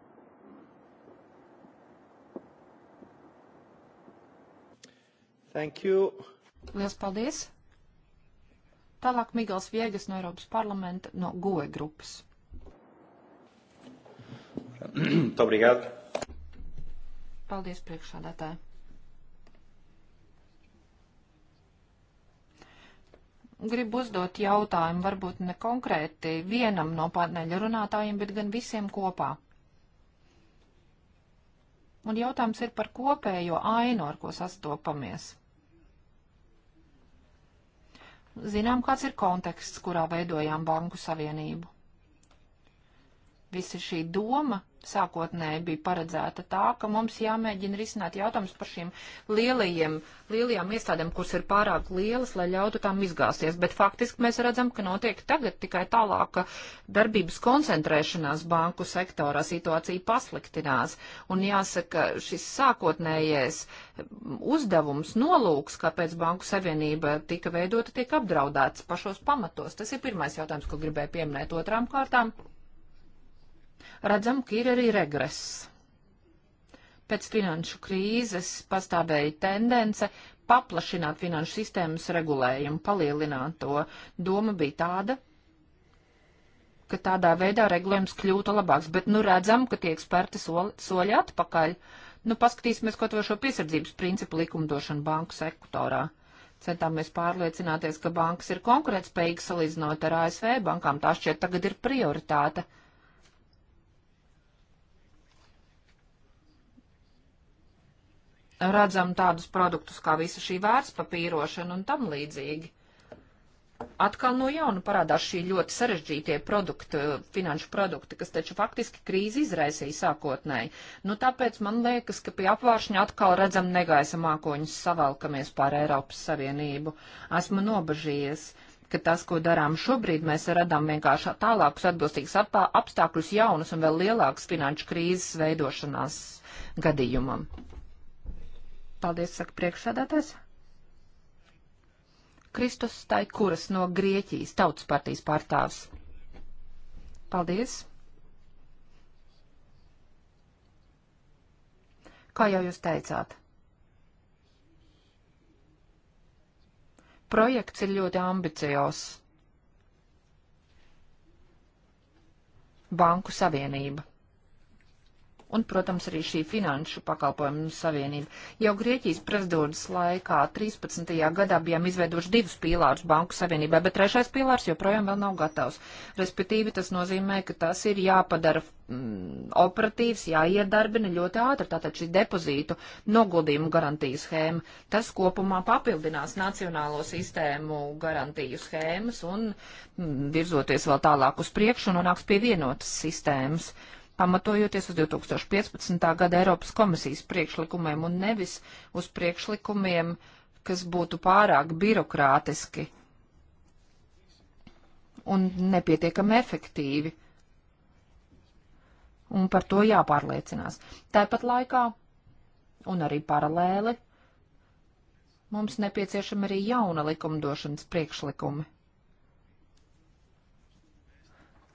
Thank you. Lielas paldies. Tālāk Migals Viegas no Eiropas parlamenta no GOE grupas. Obrigado. Paldies priekšādātāji. Gribu uzdot jautājumu, varbūt ne konkrēti vienam no paneļa runātājiem, bet gan visiem kopā. Un jautājums ir par kopējo ainu, ar ko sastopamies zinām, kāds ir konteksts, kurā veidojām banku savienību visa šī doma sākotnēji bija paredzēta tā, ka mums jāmēģina risināt jautājums par šīm lielajiem, lielajām iestādēm, kuras ir pārāk lielas, lai ļautu tām izgāsties. Bet faktiski mēs redzam, ka notiek tagad tikai tālāka darbības koncentrēšanās banku sektorā situācija pasliktinās. Un jāsaka, šis sākotnējais uzdevums, nolūks, kāpēc Banku Savienība tika veidota, tiek apdraudēts pašos pamatos. Tas ir pirmais jautājums, ko gribēju pieminēt otrām kārtām redzam, ka ir arī regress. Pēc finanšu krīzes pastāvēja tendence paplašināt finanšu sistēmas regulējumu, palielināt to. Doma bija tāda, ka tādā veidā regulējums kļūtu labāks, bet nu redzam, ka tiek spērti soļi, soļi atpakaļ. Nu, paskatīsimies, ko to šo piesardzības principu likumdošanu banku sektorā. Centāmies pārliecināties, ka bankas ir konkurētspējīgas salīdzinot ar ASV bankām, tā šķiet tagad ir prioritāte. redzam tādus produktus kā visa šī vērtspapīrošana un tam līdzīgi. Atkal no jauna parādās šī ļoti sarežģītie produkti, finanšu produkti, kas taču faktiski krīzi izraisīja sākotnēji. Nu, tāpēc man liekas, ka pie apvāršņa atkal redzam negaisa mākoņus savalkamies pār Eiropas Savienību. Esmu nobažījies, ka tas, ko darām šobrīd, mēs radām vienkārši tālākus atbilstīgus apstākļus jaunus un vēl lielākus finanšu krīzes veidošanās gadījumam. Paldies, saka priekšsādātājs. Kristus Staikuras no Grieķijas tautas partijas pārstāvs. Paldies! Kā jau jūs teicāt? Projekts ir ļoti ambiciozs. Banku savienība un, protams, arī šī finanšu pakalpojumu savienība. Jau Grieķijas prezidūras laikā 13. gadā bijām izveidojuši divus pīlārus banku savienībā, bet trešais pīlārs joprojām vēl nav gatavs. Respektīvi, tas nozīmē, ka tas ir jāpadara mm, operatīvs, jāiedarbina ļoti ātri, tātad šī depozītu noguldījumu garantiju schēma. Tas kopumā papildinās nacionālo sistēmu garantiju schēmas un mm, virzoties vēl tālāk uz priekšu, nonāks pie vienotas sistēmas. Uh, pamatojoties uz 2015. gada Eiropas komisijas priekšlikumiem un nevis uz priekšlikumiem, kas būtu pārāk birokrātiski un nepietiekami efektīvi. Un par to jāpārliecinās. Tāpat laikā un arī paralēli mums nepieciešama arī jauna likumdošanas priekšlikumi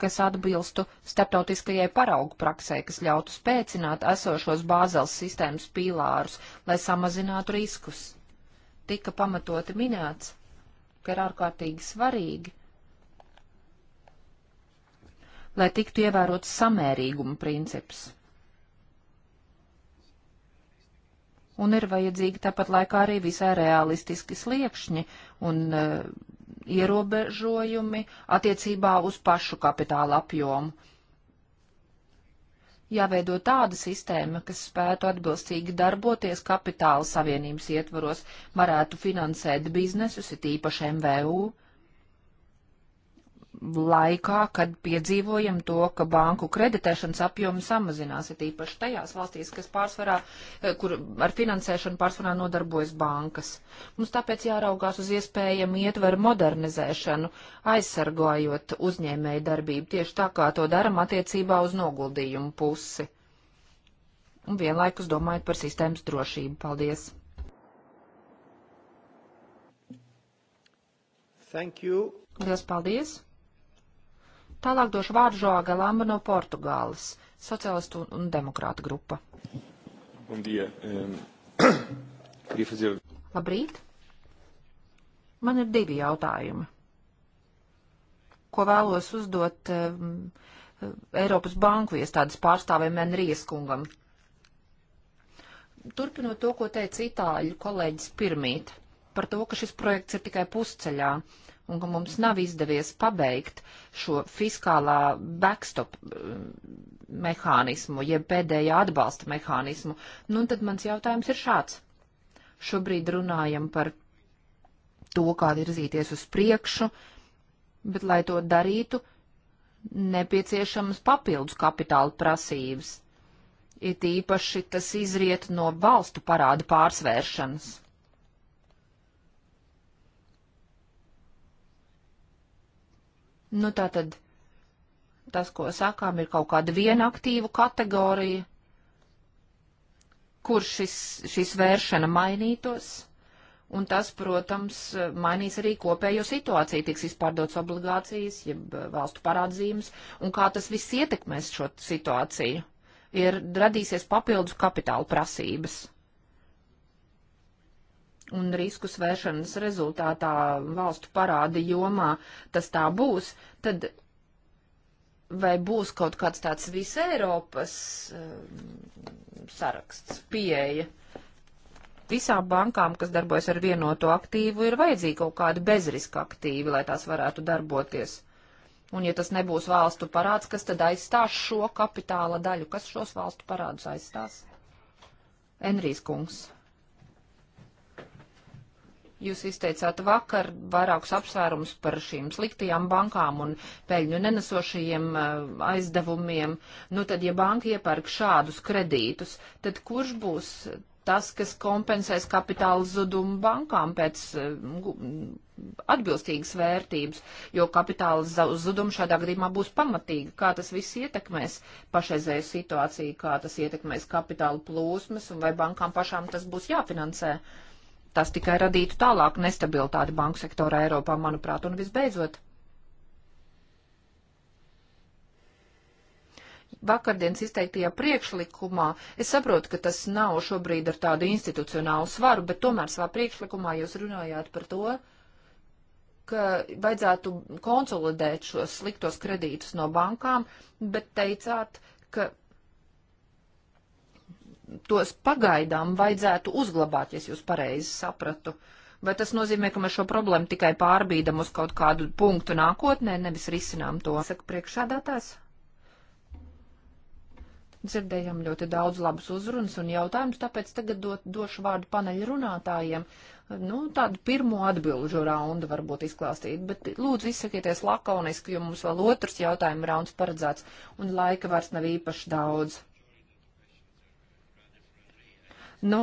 kas atbilstu starptautiskajai paraugu praksē, kas ļautu spēcināt esošos bāzels sistēmas pīlārus, lai samazinātu riskus. Tika pamatoti minēts, ka ir ārkārtīgi svarīgi, lai tiktu ievērots samērīguma princips. Un ir vajadzīgi tāpat laikā arī visai realistiski sliekšņi un uh, ierobežojumi attiecībā uz pašu kapitāla apjomu. Jāveido tāda sistēma, kas spētu atbilstīgi darboties kapitāla savienības ietvaros, varētu finansēt biznesus, it īpaši MVU, laikā, kad piedzīvojam to, ka banku kreditēšanas apjomi samazinās, ir īpaši tajās valstīs, kas pārsvarā, eh, kur ar finansēšanu pārsvarā nodarbojas bankas. Mums tāpēc jāraugās uz iespējamu ietveru modernizēšanu, aizsargājot uzņēmēju darbību, tieši tā kā to daram attiecībā uz noguldījumu pusi. Un vienlaikus domājot par sistēmas drošību. Paldies! Thank you. Liels paldies! Tālāk došu vārdu Žoāga Lamba no Portugāles, sociālistu un demokrāta grupa. Bom dia. Um, queria fazer... Labrīt. Man ir divi jautājumi, ko vēlos uzdot um, Eiropas Banku iestādes pārstāvēm Enrijas kungam. Turpinot to, ko teica itāļu kolēģis pirmīt par to, ka šis projekts ir tikai pusceļā. Uh, un ka mums nav izdevies pabeigt šo fiskālā backstop eh, mehānismu, jeb pēdējā atbalsta mehānismu, nu tad mans jautājums ir šāds. Šobrīd runājam par to, kā virzīties uz priekšu, bet, lai to darītu, nepieciešamas papildus kapitāla prasības. It īpaši tas izriet no valstu parāda pārsvēršanas. Nu, tā tad tas, ko sakām, ir kaut kāda viena aktīvu kategorija, kur šis, šis vēršana mainītos, un tas, protams, mainīs arī kopējo situāciju, tiks izpārdots obligācijas, jeb valstu parādzīmes, un kā tas viss ietekmēs šo situāciju. Ir radīsies papildus kapitāla prasības un risku svēršanas rezultātā valstu parādi jomā tas tā būs, tad vai būs kaut kāds tāds visai Eiropas uh, saraksts, pieeja? Visām bankām, kas darbojas ar vienoto aktīvu, ir vajadzīgi kaut kādi bezriska aktīvi, lai tās varētu darboties. Un ja tas nebūs valstu parāds, kas tad aizstās šo kapitāla daļu? Kas šos valstu parādus aizstās? Enrijs Kungs. Jūs izteicāt vakar vairākus apsvērumus par šīm sliktajām bankām un peļņu nenesošajiem eh, aizdevumiem. Nu tad, ja banka iepērk šādus kredītus, tad kurš būs tas, kas kompensēs kapitāla zudumu bankām pēc eh, atbilstīgas vērtības, jo kapitāla zuduma šādā gadījumā būs pamatīga. Kā tas viss ietekmēs pašreizēju situāciju, kā tas ietekmēs kapitāla plūsmas un vai bankām pašām tas būs jāfinansē? Uh, Tas tikai radītu tālāk nestabilitāti banku sektorā Eiropā, manuprāt, un visbeidzot. vakardienas izteiktajā priekšlikumā, es saprotu, ka tas nav šobrīd ar tādu institucionālu svaru, bet tomēr savā priekšlikumā jūs runājāt par to, ka vajadzētu konsolidēt šos sliktos kredītus no bankām, bet teicāt, ka tos pagaidām vajadzētu uzglabāt, ja jūs pareizi sapratu. Vai tas nozīmē, ka mēs šo problēmu tikai pārbīdam uz kaut kādu punktu nākotnē, nevis risinām to? Saka priekšādātās. Dzirdējām ļoti daudz labus uzrunas un jautājumus, tāpēc tagad do, došu vārdu paneļu runātājiem. Nu, tādu pirmo atbilžu raundu varbūt izklāstīt, bet lūdzu izsakieties lakoniski, jo mums vēl otrs jautājuma rauns paredzēts un laika vairs nav īpaši daudz. Nu,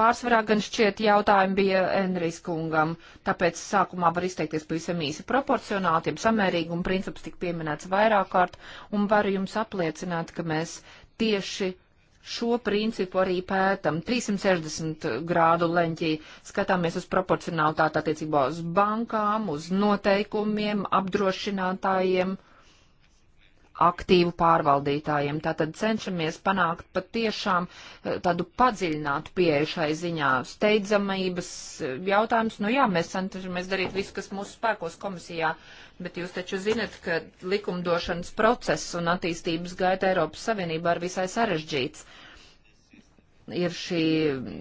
pārsvarā gan šķiet jautājumi bija Enrijs kungam, tāpēc sākumā var izteikties pavisam īsi proporcionāli, tiem samērīguma princips tika pieminēts vairāk kārt, un varu jums apliecināt, ka mēs tieši šo principu arī pētam. 360 grādu leņķī skatāmies uz proporcionālitāti attiecībā uz bankām, uz noteikumiem, apdrošinātājiem aktīvu pārvaldītājiem. Tātad cenšamies panākt patiešām eh, tādu padziļinātu pieeju šai ziņā. Steidzamības eh, jautājums, nu jā, mēs cenšamies darīt visu, kas mūsu spēkos komisijā, bet jūs taču zinat, ka likumdošanas process un attīstības gaita Eiropas Savienībā ir visai sarežģīts ir šī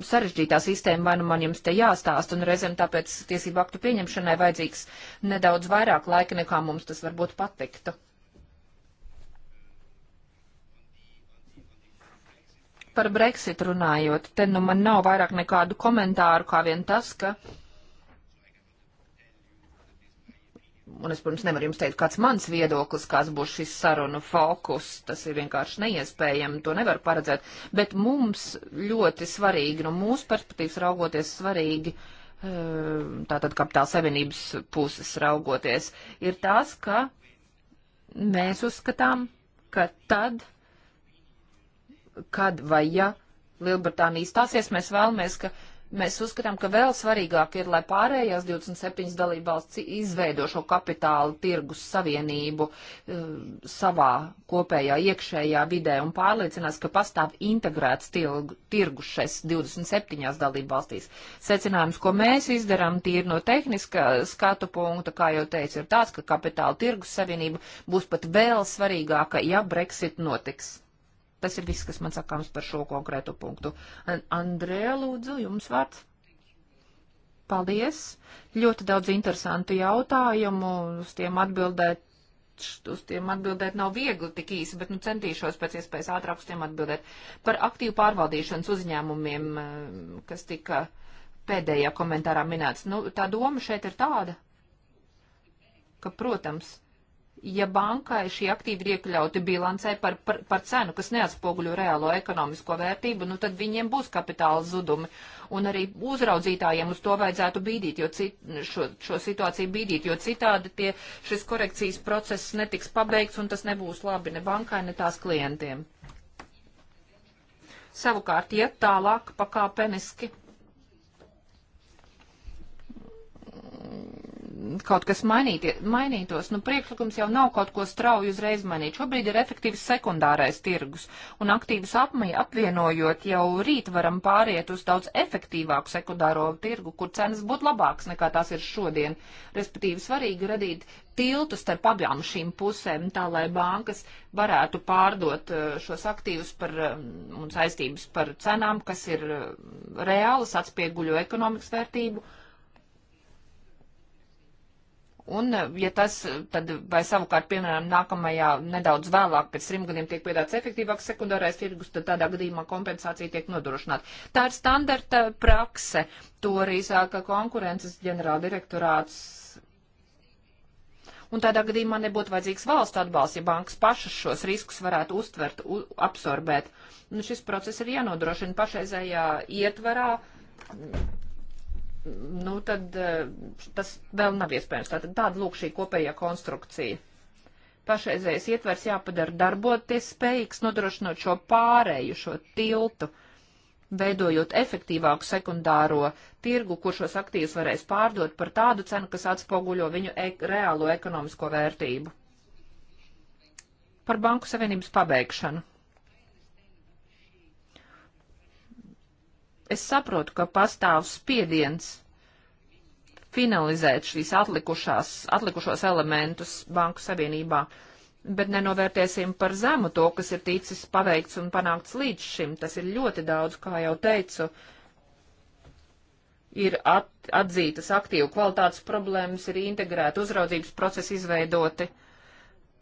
sarežģītā sistēma, vai nu man jums te jāstāst, un reizēm tāpēc tiesību aktu pieņemšanai vajadzīgs nedaudz vairāk laika, nekā mums tas varbūt patiktu. Par Brexit runājot, te nu man nav vairāk nekādu komentāru, kā vien tas, ka un es, protams, nevaru jums teikt, kāds mans viedoklis, kāds būs šis sarunu fokus, tas ir vienkārši neiespējami, to nevar paredzēt, bet mums ļoti svarīgi, no nu, mūsu perspektīvas raugoties, svarīgi, eh, tātad kapitāla savienības puses raugoties, ir tas, ka mēs uzskatām, ka tad, kad vai ja Lielbritānija stāsies, mēs vēlamies, ka mēs uzskatām, ka vēl svarīgāk ir, lai pārējās 27 dalībvalsts izveido šo kapitālu tirgus savienību uh, savā kopējā iekšējā vidē un pārliecinās, ka pastāv integrēts tilgu, tirgus šais 27 dalībvalstīs. Secinājums, ko mēs izdarām, tīri no tehniska skatu punkta, kā jau teicu, ir tāds, ka kapitāla tirgus savienība būs pat vēl svarīgāka, ja Brexit notiks. Tas ir viss, kas man sakāms par šo konkrēto punktu. Andrēja, lūdzu, jums vārds. Paldies! Ļoti daudz interesantu jautājumu, uz tiem atbildēt, uz tiem atbildēt nav viegli tik īsi, bet nu centīšos pēc iespējas ātrāk uz tiem atbildēt. Par aktīvu pārvaldīšanas uzņēmumiem, eh, kas tika pēdējā komentārā minēts, nu tā doma šeit ir tāda, ka, protams, ja bankai šie aktīvi ir iekļauti bilancē par, par, par cenu, kas neatspoguļo reālo ekonomisko vērtību, nu tad viņiem būs kapitāla zudumi. Un arī uzraudzītājiem uz to vajadzētu bīdīt, jo cit, šo, šo situāciju bīdīt, jo citādi tie, šis korekcijas process netiks pabeigts un tas nebūs labi ne bankai, ne tās klientiem. Savukārt, ja tālāk pakāpeniski kaut kas mainīti, mainītos. Nu, priekšlikums jau nav kaut ko strauju uzreiz mainīt. Šobrīd ir efektīvs sekundārais tirgus, un aktīvus apmaiņu apvienojot jau rīt varam pāriet uz daudz efektīvāku sekundāro tirgu, kur cenas būtu labākas nekā tās ir šodien. Respektīvi svarīgi radīt tiltu starp abām šīm pusēm, tā lai bankas varētu pārdot eh, šos aktīvus par, eh, un saistības par cenām, kas ir eh, reālas, atspieguļo ekonomikas vērtību Un, eh, ja tas, eh, tad, vai savukārt, piemēram, nākamajā nedaudz vēlāk, pēc trim gadiem tiek piedāts efektīvāks sekundārais tirgus, tad tādā gadījumā kompensācija tiek nodrošināta. Tā ir standarta prakse. To arī sāka konkurences ģenerāldirektorāts un tādā gadījumā nebūtu vajadzīgs valsts atbalsts, ja bankas pašas šos riskus varētu uztvert, u, absorbēt. Nu, šis process ir jānodrošina pašreizējā ietvarā, nu tad eh, tas vēl nav iespējams. Tātad tāda lūk šī kopējā konstrukcija. Pašreizējais ietvers jāpadara darboties spējīgs, nodrošinot šo pārēju, šo tiltu, veidojot efektīvāku sekundāro tirgu, kur šos aktīvus varēs pārdot par tādu cenu, kas atspoguļo viņu e reālo ekonomisko vērtību. Par Banku Savienības pabeigšanu. Es saprotu, ka pastāv spiediens finalizēt šīs atlikušās, atlikušos elementus Banku Savienībā, bet nenovērtēsim par zemu to, kas ir ticis paveikts un panākts līdz šim. Tas ir ļoti daudz, kā jau teicu, ir at, atzītas aktīvu kvalitātes problēmas, ir integrēta uzraudzības procesi izveidoti,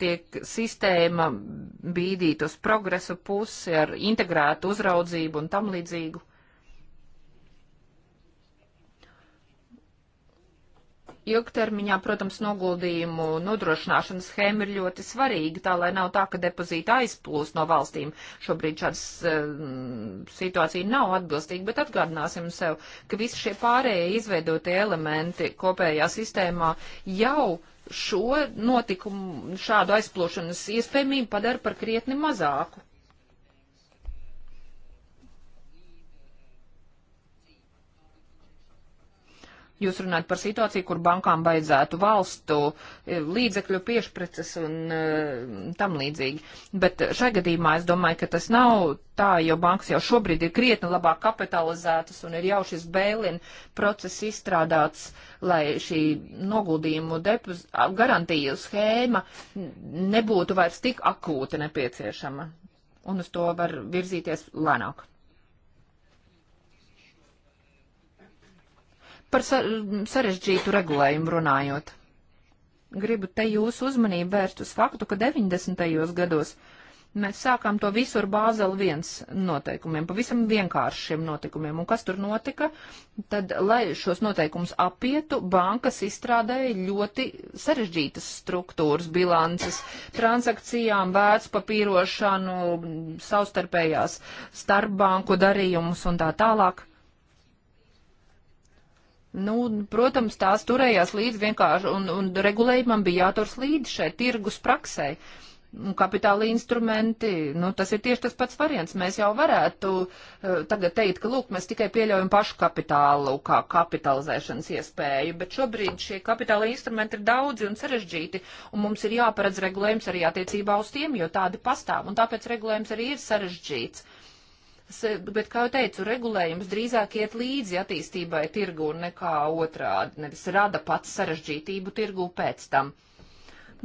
tiek sistēma bīdīt uz progresu pusi ar integrētu uzraudzību un tam līdzīgu. ilgtermiņā, protams, noguldījumu nodrošināšanas schēma ir ļoti svarīga, tā lai nav tā, ka depozīta aizplūst no valstīm. Šobrīd šāds uh, situācija nav atbilstīga, bet atgādināsim sev, ka visi šie pārējie izveidotie elementi kopējā sistēmā jau šo notikumu, šādu aizplūšanas iespējamību padara par krietni mazāku. Jūs runājat par situāciju, kur bankām vajadzētu valstu eh, līdzekļu piešpreces un uh, tam līdzīgi. Bet šai gadījumā es domāju, ka tas nav tā, jo bankas jau šobrīd ir krietni labāk kapitalizētas un ir jau šis bēlin process izstrādāts, lai šī noguldījumu depoz... garantiju schēma nebūtu vairs tik akūti nepieciešama. Un uz to var virzīties lēnāk. par sarežģītu regulējumu runājot. Gribu te jūsu uzmanību vērst uz faktu, ka 90. gados mēs sākām to visu ar Bāzeli viens noteikumiem, pavisam vienkāršiem notikumiem. Un kas tur notika? Tad, lai šos noteikumus apietu, bankas izstrādēja ļoti sarežģītas struktūras, bilances, transakcijām, vērtspapīrošanu, savstarpējās starpbanku darījumus un tā tālāk. Nu, protams, tās turējās līdz vienkārši, un, un regulējumam bija jāturs līdz šai tirgus praksē. Kapitāla instrumenti, nu, tas ir tieši tas pats variants. Mēs jau varētu uh, tagad teikt, ka, lūk, mēs tikai pieļaujam pašu kapitālu kā kapitalizēšanas iespēju, bet šobrīd šie kapitāla instrumenti ir daudzi un sarežģīti, un mums ir jāparedz regulējums arī attiecībā uz tiem, jo tādi pastāv, un tāpēc regulējums arī ir sarežģīts bet, kā jau teicu, regulējums drīzāk iet līdzi attīstībai tirgu nekā otrādi, nevis rada pats sarežģītību tirgu pēc tam.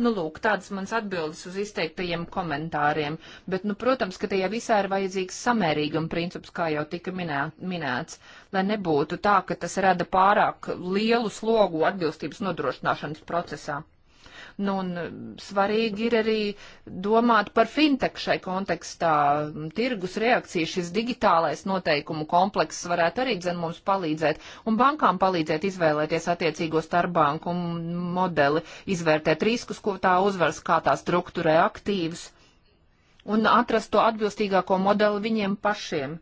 Nu, lūk, tādas mans atbildes uz izteiktajiem komentāriem, bet, nu, protams, ka tajā visā ir vajadzīgs samērīgam princips, kā jau tika minē, minēts, lai nebūtu tā, ka tas rada pārāk lielu slogu atbilstības nodrošināšanas procesā. Nu, un eh, svarīgi ir arī domāt par fintech šai kontekstā. Tirgus reakcija, šis digitālais noteikumu komplekss varētu arī dzen mums palīdzēt un bankām palīdzēt izvēlēties attiecīgo starpbanku modeli, izvērtēt riskus, ko tā uzvars, kā tā strukturē aktīvus un atrast to atbilstīgāko modeli viņiem pašiem.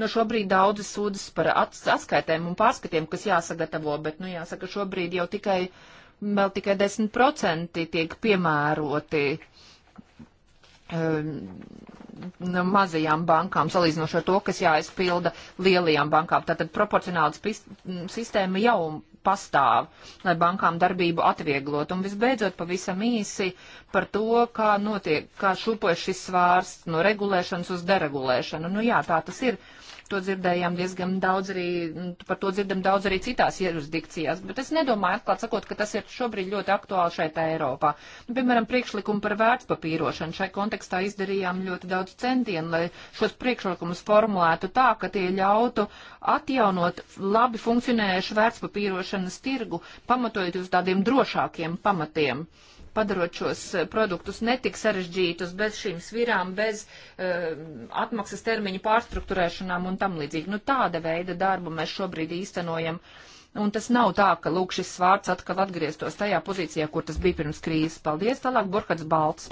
Nu, šobrīd daudzi sūdzas par atskaitēm un pārskatiem, kas jāsagatavo, bet, nu, jāsaka, šobrīd jau tikai uh, vēl tikai 10% tiek piemēroti um, no mazajām bankām, salīdzinoši ar to, kas jāizpilda lielajām bankām. Tātad proporcionāls sistēma jau pastāv, lai bankām darbību atvieglot. Un visbeidzot, pavisam īsi par to, kā notiek, kā šūpojas šis svārsts no regulēšanas uz deregulēšanu. Nu jā, tā tas ir to dzirdējām diezgan daudz arī, mm, par to dzirdam daudz arī citās jurisdikcijās, bet es nedomāju, atklāt sakot, ka tas ir šobrīd ļoti aktuāli šeit Eiropā. Nu, piemēram, priekšlikumu par vērtspapīrošanu. Šai kontekstā izdarījām ļoti daudz centienu, lai šos priekšlikumus formulētu tā, ka tie ļautu atjaunot labi funkcionējušu vērtspapīrošanas tirgu, pamatojot uz tādiem drošākiem pamatiem. Uh, padarot šos eh, produktus netik sarežģītus bez šīm svirām, bez uh, atmaksas termiņu pārstruktūrēšanām un tam līdzīgi. Nu, tāda veida darbu mēs šobrīd īstenojam. Un tas nav tā, ka lūk šis vārds atkal atgrieztos tajā pozīcijā, kur tas bija pirms krīzes. Paldies, tālāk Burkhards Balts.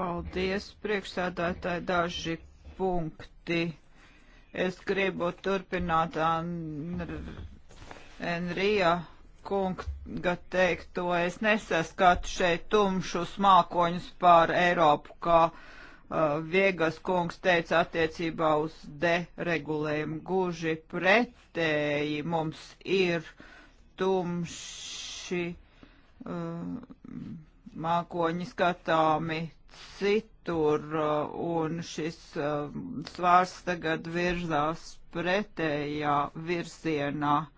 Paldies, priekšsēdētāji, daži punkti. Es gribu turpināt Enrija. An kunga teikto, es nesaskatu šeit tumšus mākoņus pār Eiropu, kā uh, Viegas kungs teica attiecībā uz deregulējumu. Guži pretēji mums ir tumši uh, mākoņi skatāmi citur, uh, un šis uh, svārs tagad virzās pretējā virzienā. Uh,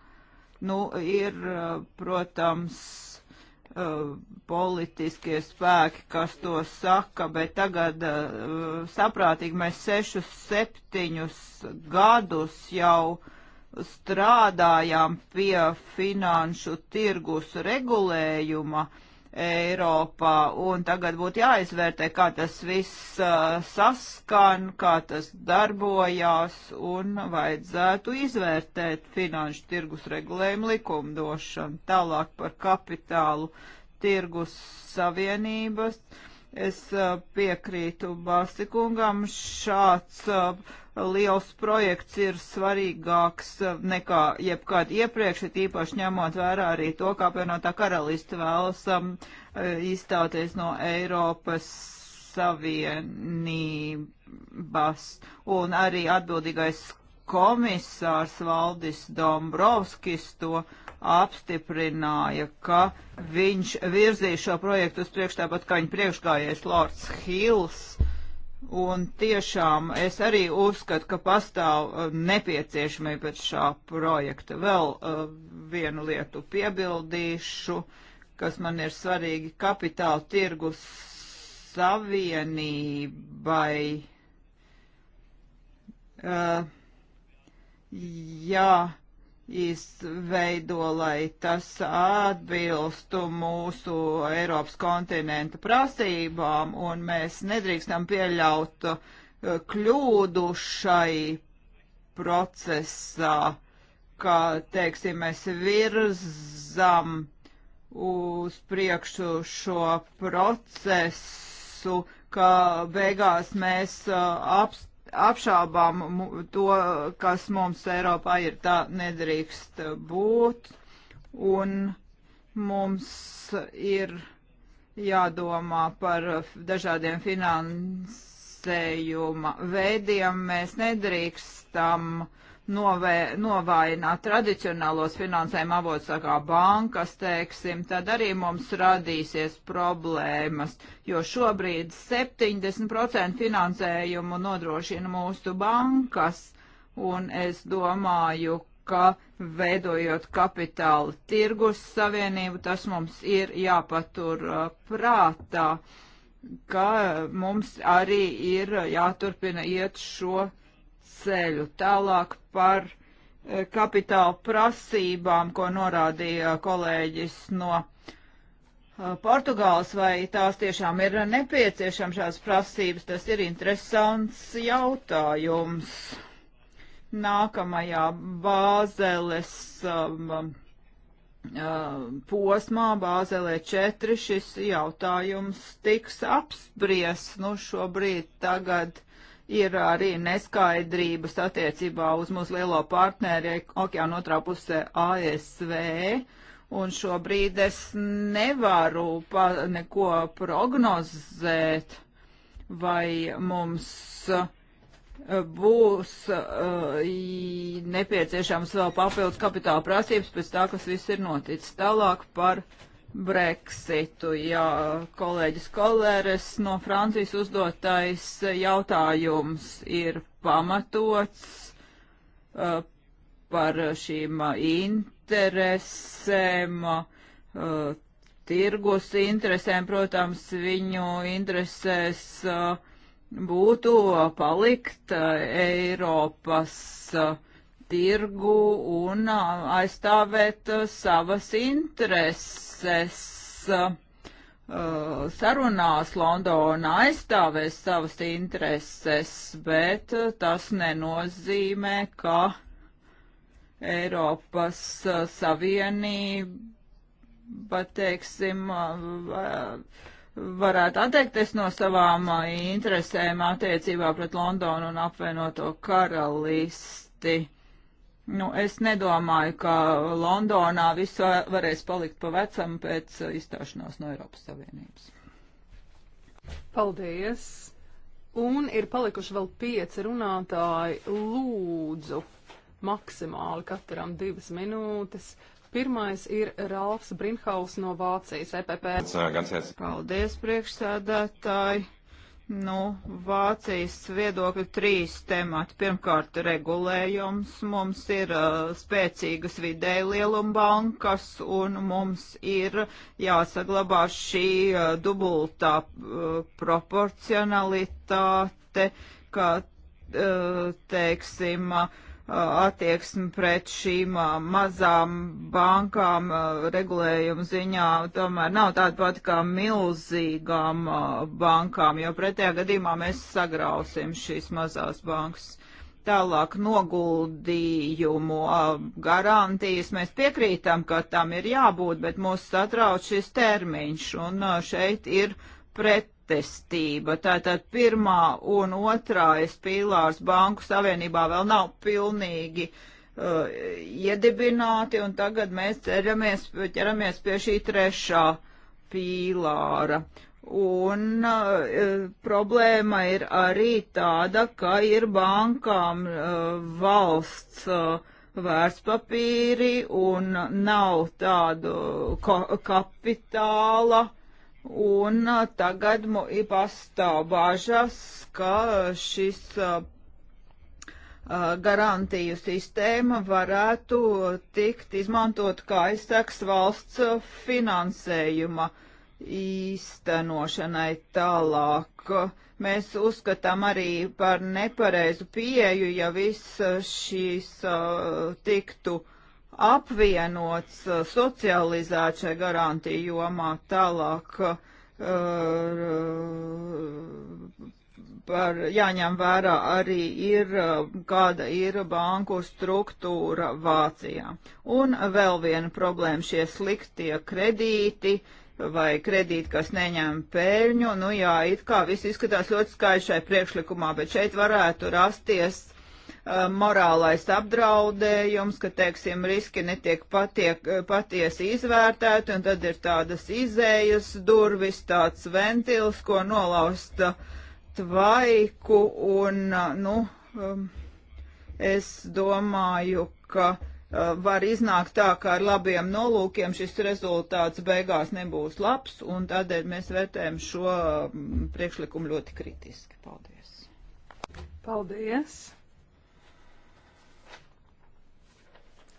Nu, ir, eh, protams, eh, politiskie spēki, kas to saka, bet tagad eh, saprātīgi mēs sešus, septiņus gadus jau strādājām pie finanšu tirgus regulējuma. Uh, Eiropā, un tagad būtu jāizvērtē, kā tas viss uh, saskan, kā tas darbojās, un vajadzētu izvērtēt finanšu tirgus regulējumu likumdošanu. Tālāk par kapitālu tirgus savienības. Es uh, piekrītu Basikungam, šāds uh, liels projekts ir svarīgāks nekā jebkad iepriekš, ir īpaši ņemot vērā arī to, kā pienotā karalista vēlas um, izstāties no Eiropas Savienības. Un arī atbildīgais komisārs Valdis Dombrovskis to apstiprināja, ka viņš virzīja šo projektu uz priekš tāpat kā viņa priekšgājais Lords Hills Un tiešām es arī uzskatu, ka pastāv uh, nepieciešamība pēc šā projekta. Vēl uh, vienu lietu piebildīšu, kas man ir svarīgi kapitāla tirgus savienībai. Uh, jā izveido, lai tas atbilstu mūsu Eiropas kontinenta prasībām, un mēs nedrīkstam pieļaut eh, kļūdu šai procesā, kā, teiksim, mēs virzam uz priekšu šo procesu, ka beigās mēs eh, apstājamies apšaubām to, kas mums Eiropā ir, tā nedrīkst būt. Un mums ir jādomā par dažādiem finansējuma veidiem. Mēs nedrīkstam uh, novē, novājināt tradicionālos finansējuma avots, kā bankas, teiksim, tad arī mums radīsies problēmas, jo šobrīd 70% finansējumu nodrošina mūsu bankas, un es domāju, ka veidojot kapitāla tirgus savienību, tas mums ir jāpatur uh, prātā, ka mums arī ir jāturpina iet šo ceļu. Tālāk par eh, kapitāla prasībām, ko norādīja kolēģis no eh, Portugāles, vai tās tiešām ir nepieciešams šādas prasības, tas ir interesants jautājums. Nākamajā bāzeles um, um, um posmā, bāzelē 4, šis jautājums tiks apspries. Nu, šobrīd tagad ir arī neskaidrības attiecībā uz mūsu lielo partneri okeāna otrā pusē ASV. Un šobrīd es nevaru pa, neko prognozēt, vai mums eh, būs uh, nepieciešams vēl papildus kapitāla prasības pēc tā, kas viss ir noticis. Tālāk par uh, Brexitu. Jā, kolēģis Kolēres no Francijas uzdotais jautājums ir pamatots uh, par šīm uh, interesēm, uh, tirgus interesēm, protams, viņu interesēs uh, būtu palikt uh, Eiropas uh, tirgu un aizstāvēt savas intereses. Sarunās Londona aizstāvēs savas intereses, bet tas nenozīmē, ka Eiropas Savienība, teiksim, varētu atteikties no savām interesēm attiecībā pret Londonu un apvienoto karalisti. Nu, es nedomāju, ka Londonā viss varēs palikt pa vecam pēc uh, izstāšanās no Eiropas Savienības. Paldies! Un ir palikuši vēl pieci runātāji. Lūdzu, maksimāli katram divas minūtes. Pirmais ir Ralfs Brinhaus no Vācijas EPP. Paldies, priekšsēdētāji! Nu, Vācijas viedokļu trīs temati. Pirmkārt, regulējums. Mums ir uh, spēcīgas vidēja lieluma bankas un mums ir jāsaglabā šī uh, dubultā uh, proporcionalitāte, kā, uh, teiksim, uh, attieksmi pret šīm mazām bankām regulējumu ziņā tomēr nav tāda pati kā milzīgām bankām, jo pretējā gadījumā mēs sagrausim šīs mazās bankas. Tālāk noguldījumu garantijas mēs piekrītam, ka tam ir jābūt, bet mūs satrauc šis termiņš, un šeit ir pret atpestība. Tātad pirmā un otrājas pīlārs Banku Savienībā vēl nav pilnīgi uh, iedibināti, un tagad mēs ceramies, ķeramies pie šī trešā pīlāra. Un uh, problēma ir arī tāda, ka ir bankām uh, valsts uh, vērtspapīri un nav tādu ka kapitāla uh, Un tagad pastāv bāžas, ka šis garantiju sistēma varētu tikt izmantot kā aizseks valsts finansējuma īstenošanai tālāk. Mēs uzskatām arī par nepareizu pieeju, ja viss šīs tiktu uh, apvienots, uh, socializēts šajā garantiju jomā tālāk uh, uh, par jāņem vērā arī ir, uh, kāda ir banku struktūra Vācijā. Un vēl viena problēma šie sliktie kredīti vai kredīti, kas neņem pēļņu. Nu jā, it kā viss izskatās ļoti skaišai priekšlikumā, bet šeit varētu rasties Uh, morālais apdraudējums, ka, teiksim, riski netiek patiek, uh, patiesi izvērtēti, un tad ir tādas izējas durvis, tāds ventils, ko nolausta tvaiku, un, uh, nu, um, es domāju, ka var iznākt tā, ka ar labiem nolūkiem šis rezultāts beigās nebūs labs, un tādēļ mēs vērtējam šo um, priekšlikumu ļoti kritiski. Paldies! Paldies!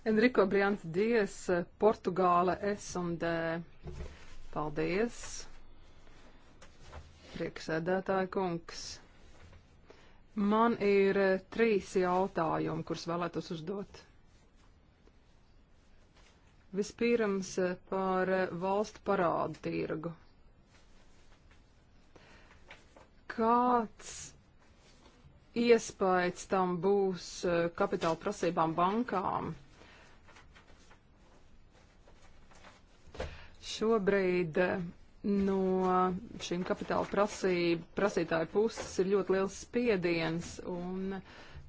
Enrico Briants Dies, Portugāle S&D. Paldies! Prieksēdētāja kungs. Man ir eh, trīs jautājumi, kurus vēlētos uzdot. Vispirms eh, par eh, valstu parādu tirgu. Kāds iespējas tam būs kapitāla prasībām bankām? Šobrīd eh, no šīm kapitāla prasību, prasītāju puses ir ļoti liels spiediens un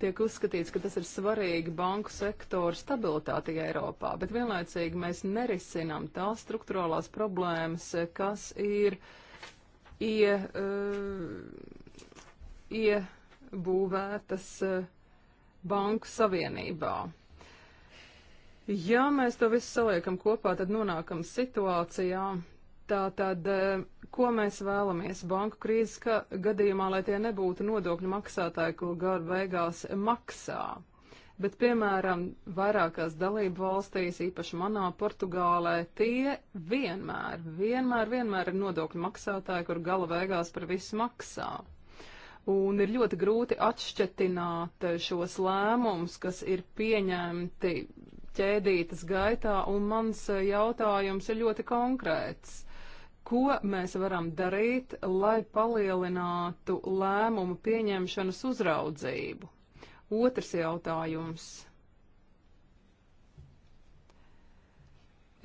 tiek uzskatīts, ka tas ir svarīgi banku sektoru stabilitātei Eiropā, bet vienlaicīgi mēs nerisinām tās struktūrālās problēmas, eh, kas ir ie, uh, iebūvētas uh, banku savienībā. Ja mēs to visu saliekam kopā, tad nonākam situācijā, tā tad, e, ko mēs vēlamies banku krīzes ka, gadījumā, lai tie nebūtu nodokļu maksātāji, ko garu beigās maksā. Bet, piemēram, vairākās dalību valstīs, īpaši manā Portugālē, tie vienmēr, vienmēr, vienmēr ir nodokļu maksātāji, kur gala beigās par visu maksā. Un ir ļoti grūti atšķetināt šos lēmumus, kas ir pieņemti ķēdītas gaitā, un mans eh, jautājums ir ļoti konkrēts. Ko mēs varam darīt, lai palielinātu lēmumu pieņemšanas uzraudzību? Otrs jautājums.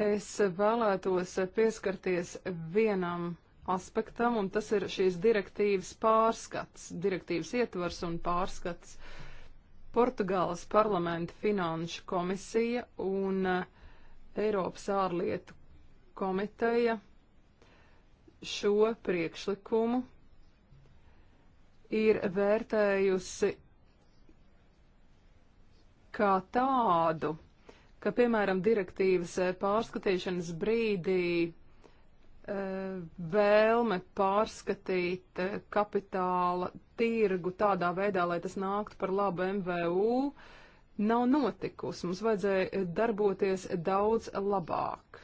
Es vēlētos pieskarties vienam aspektam, un tas ir šīs direktīvas pārskats, direktīvas ietvars un pārskats. Uh, Portugāles parlamenta finanšu komisija un eh, Eiropas ārlietu komiteja šo priekšlikumu ir vērtējusi kā tādu, ka, piemēram, direktīvas eh, pārskatīšanas brīdī eh, vēlme pārskatīt kapitāla tirgu tādā veidā, lai tas nāktu par labu MVU, nav notikusi. Mums vajadzēja darboties daudz labāk.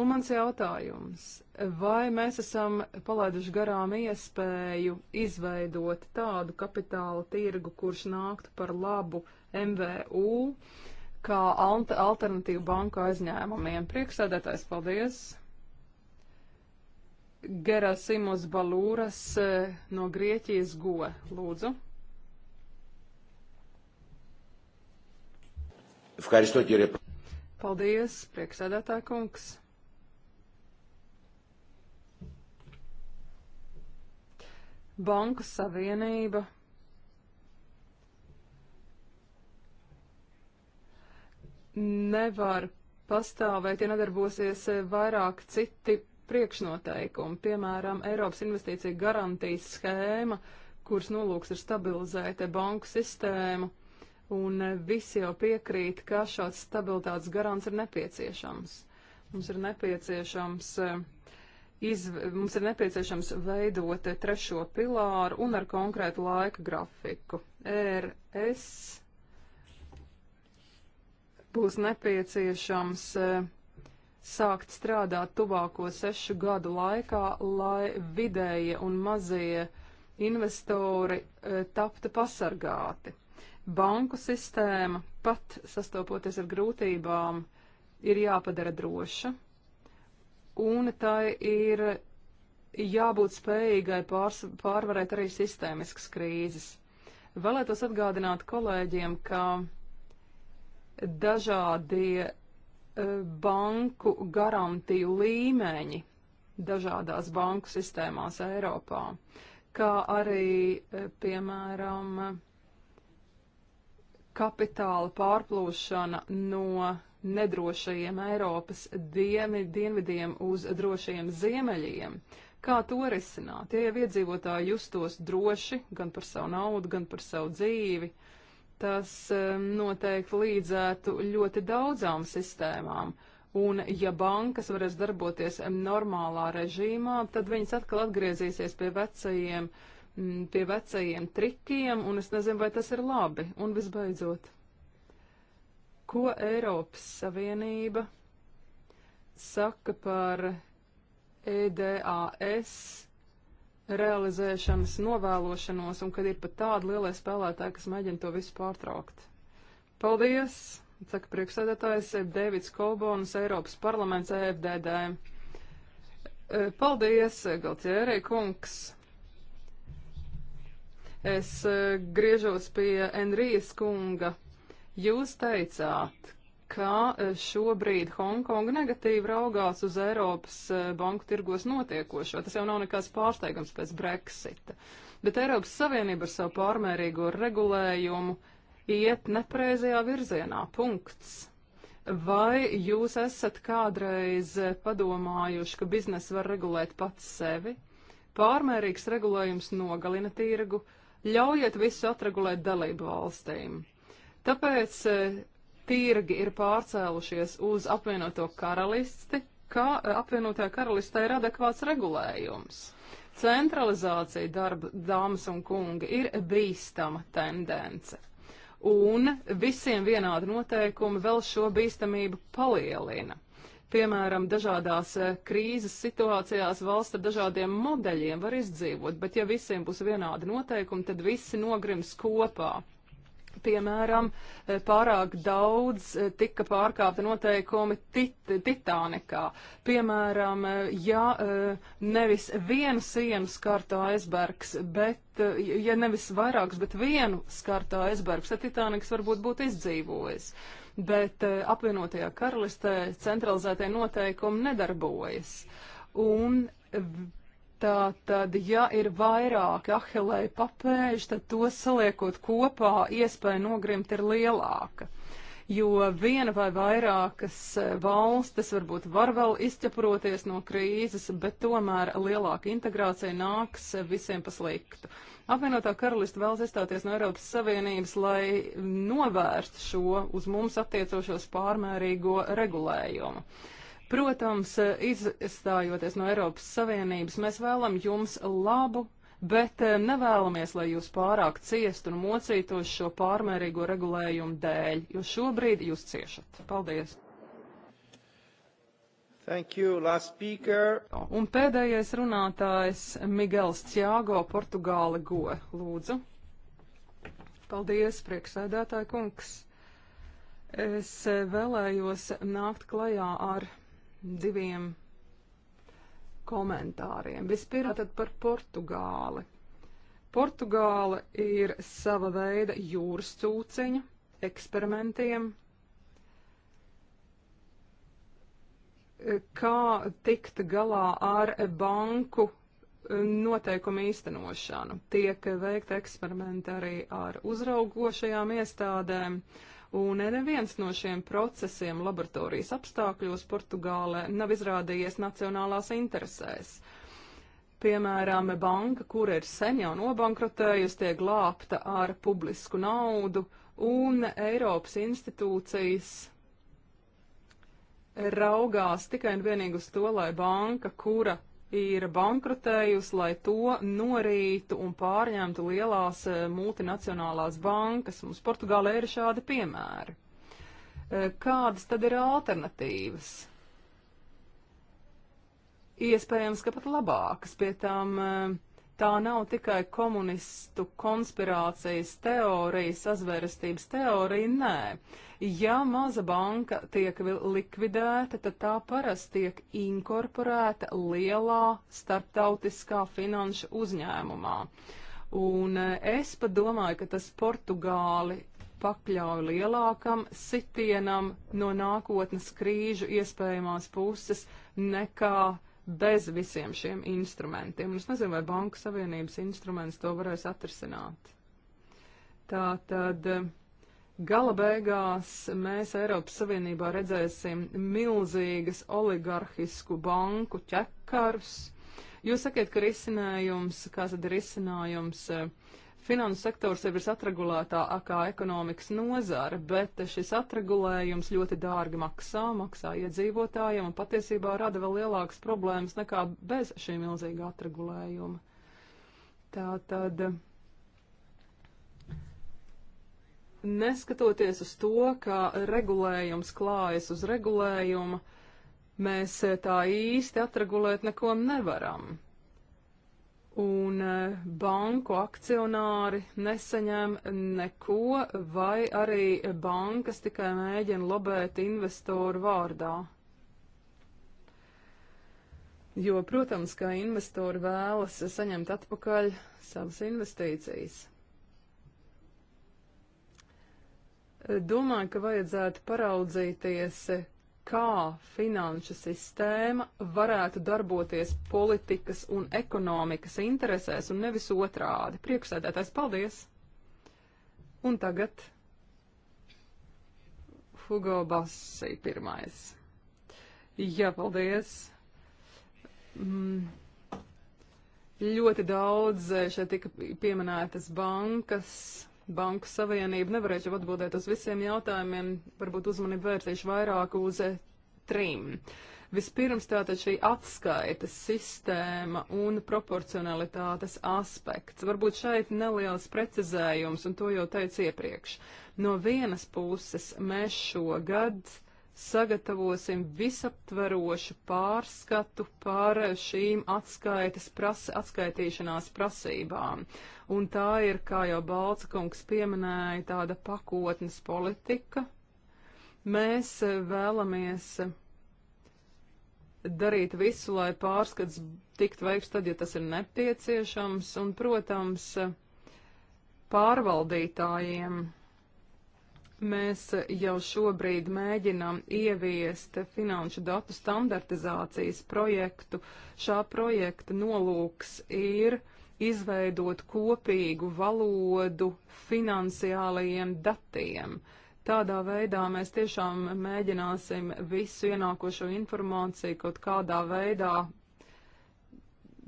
Un mans jautājums, vai mēs esam palaiduši garām iespēju izveidot tādu kapitāla tirgu, kurš nāktu par labu MVU, kā alternatīvu banku aizņēmumiem? Priekšsēdētājs, paldies! Gerasimos Balūras eh, no Grieķijas go. Lūdzu. Paldies, prieksēdētā kungs. Banku savienība. Nevar pastāvēt, ja nedarbosies eh, vairāk citi priekšnoteikumi, piemēram, Eiropas investīcija garantijas schēma, kuras nolūks ir stabilizēt banku sistēmu, un visi jau piekrīt, ka šāds stabilitātes garants ir nepieciešams. Mums ir nepieciešams eh, izv... mums ir nepieciešams veidot trešo pilāru un ar konkrētu laika grafiku. E RS būs nepieciešams eh, sākt strādāt tuvāko sešu gadu laikā, lai vidējie un mazie investori e, taptu pasargāti. Banku sistēma, pat sastopoties ar grūtībām, ir jāpadara droša, un tai ir jābūt spējīgai pārs, pārvarēt arī sistēmiskas krīzes. Vēlētos atgādināt kolēģiem, ka dažādie E, banku garantiju līmeņi dažādās banku sistēmās Eiropā, kā arī, e, piemēram, kapitāla pārplūšana no nedrošajiem Eiropas diemi, dienvidiem uz drošajiem ziemeļiem. Kā to risināt? Ja jau iedzīvotāji justos droši gan par savu naudu, gan par savu dzīvi, uh, tas eh, noteikti līdzētu ļoti daudzām sistēmām. Un, ja bankas varēs darboties eh, normālā režīmā, tad viņas atkal atgriezīsies pie vecajiem, mm, pie vecajiem trikiem, un es nezinu, vai tas ir labi. Un visbeidzot, ko Eiropas Savienība saka par EDAS realizēšanas novēlošanos un kad ir pat tādi lielie spēlētāji, kas mēģina to visu pārtraukt. Paldies! Saka priekšsēdētājs Dēvids Kolbonas, Eiropas parlaments EFDD. E, paldies, Galtierē kungs! Es e, griežos pie Enrijas kunga. Jūs teicāt, ka eh, šobrīd Hongkonga negatīvi raugās uz Eiropas eh, banku tirgos notiekošo. Tas jau nav nekas pārsteigums pēc Brexita. Bet Eiropas Savienība ar savu pārmērīgo regulējumu iet nepreizajā virzienā. Punkts. Vai jūs esat kādreiz eh, padomājuši, ka biznes var regulēt pats sevi? Pārmērīgs regulējums nogalina tirgu, ļaujiet visu atregulēt dalību valstīm. Tāpēc tirgi ir pārcēlušies uz apvienoto karalisti, kā ka eh, apvienotajā karalistē ir adekvāts regulējums. Centralizācija darba, dāmas un kungi, ir bīstama tendence. Un visiem vienādi noteikumi vēl šo bīstamību palielina piemēram, dažādās eh, krīzes situācijās valsts ar dažādiem modeļiem var izdzīvot, bet ja visiem būs vienādi noteikumi, tad visi nogrims kopā. Piemēram, eh, pārāk daudz eh, tika pārkāpta noteikumi tit Titanikā. Piemēram, eh, ja nevis vienu sienu skarta aizbergs, bet, ja nevis vairākus, bet vienu skarta aizbergs, tad Titaniks varbūt būtu izdzīvojis. Bet apvienotajā karalistē centralizētie noteikumi nedarbojas. Un Tā tad, ja ir vairāk ahilēju papēži, tad to saliekot kopā, iespēja nogrimt ir lielāka. Jo viena vai vairākas e, valstis varbūt var vēl izķeproties no krīzes, bet tomēr lielāka integrācija nāks e, visiem pa sliktu. Apvienotā karalista vēlas izstāties no Eiropas Savienības, lai novērstu šo uz mums attiecošos pārmērīgo regulējumu. Protams, eh, izstājoties no Eiropas Savienības, mēs vēlam jums labu, bet eh, nevēlamies, lai jūs pārāk ciestu un mocītos šo pārmērīgo regulējumu dēļ, jo šobrīd jūs ciešat. Paldies! Thank you, last speaker. Un pēdējais runātājs Migels Ciago, Portugāla Go. Lūdzu. Paldies, prieksēdētāji kungs. Es eh, vēlējos nākt klajā ar diviem komentāriem. Vispirms tad par Portugāli. Portugāla ir sava veida jūras cūciņa eksperimentiem. Kā tikt galā ar banku noteikumu īstenošanu? Tiek veikta eksperimenti arī ar uzraugošajām iestādēm. Uh, Un neviens no šiem procesiem laboratorijas apstākļos Portugālē nav izrādījies nacionālās interesēs. Piemēram, banka, kura ir sen jau nobankrotējusi, tiek glābta ar publisku naudu, un Eiropas institūcijas raugās tikai un vienīgi uz to, lai banka, kura ir bankrotējusi, lai to norītu un pārņemtu lielās eh, multinacionālās bankas. Mums Portugālē ir šādi piemēri. Eh, kādas tad ir alternatīvas? Iespējams, ka pat labākas pie tām uh, tā nav tikai komunistu konspirācijas teorija, sazvērestības teorija, nē. Ja maza banka tiek likvidēta, tad tā parasti tiek inkorporēta lielā starptautiskā finanšu uzņēmumā. Un e, es pat domāju, ka tas Portugāli pakļauj lielākam sitienam no nākotnes krīžu iespējamās puses nekā bez visiem šiem instrumentiem. Un es nezinu, vai Banku Savienības instruments to varēs atrisināt. Tā tad gala beigās mēs Eiropas Savienībā redzēsim milzīgas oligarhisku banku ķekarus. Jūs sakiet, ka risinājums, kāds tad ir risinājums? Uh, Finanses sektors jau ir atregulētā kā ekonomikas nozara, bet šis atregulējums ļoti dārgi maksā, maksā iedzīvotājiem un patiesībā rada vēl lielākas problēmas nekā bez šī milzīga atregulējuma. Tā tad, neskatoties uz to, ka regulējums klājas uz regulējuma, mēs tā īsti atregulēt neko nevaram un eh, banku akcionāri nesaņem neko, vai arī bankas tikai mēģina lobēt investoru vārdā. Jo, protams, kā investori vēlas saņemt atpakaļ savas investīcijas. Domāju, ka vajadzētu paraudzīties, kā finanšu sistēma varētu darboties politikas un ekonomikas interesēs un nevis otrādi. Priekšsēdētājs, paldies! Un tagad Hugo Bassi pirmais. Jā, paldies! Mm. Ļoti daudz eh, šeit tika pieminētas bankas, Banku savienību. Nevarēšu jau atbildēt uz visiem jautājumiem, varbūt uzmanību vērtīšu vairāk uz eh, trim. Vispirms tātad šī atskaites sistēma un proporcionalitātes aspekts. Varbūt šeit neliels precizējums, un to jau teicu iepriekš. No vienas puses mēs šogad sagatavosim visaptverošu pārskatu par šīm atskaites prasa, atskaitīšanās prasībām. Un tā ir, kā jau Balca kungs pieminēja, tāda pakotnes politika. Mēs vēlamies darīt visu, lai pārskats tiktu veikts tad, ja tas ir nepieciešams, un, protams, pārvaldītājiem Mēs jau šobrīd mēģinām ieviest finanšu datu standartizācijas projektu. Šā projekta nolūks ir izveidot kopīgu valodu finansiālajiem datiem. Tādā veidā mēs tiešām mēģināsim visu ienākošo informāciju kaut kādā veidā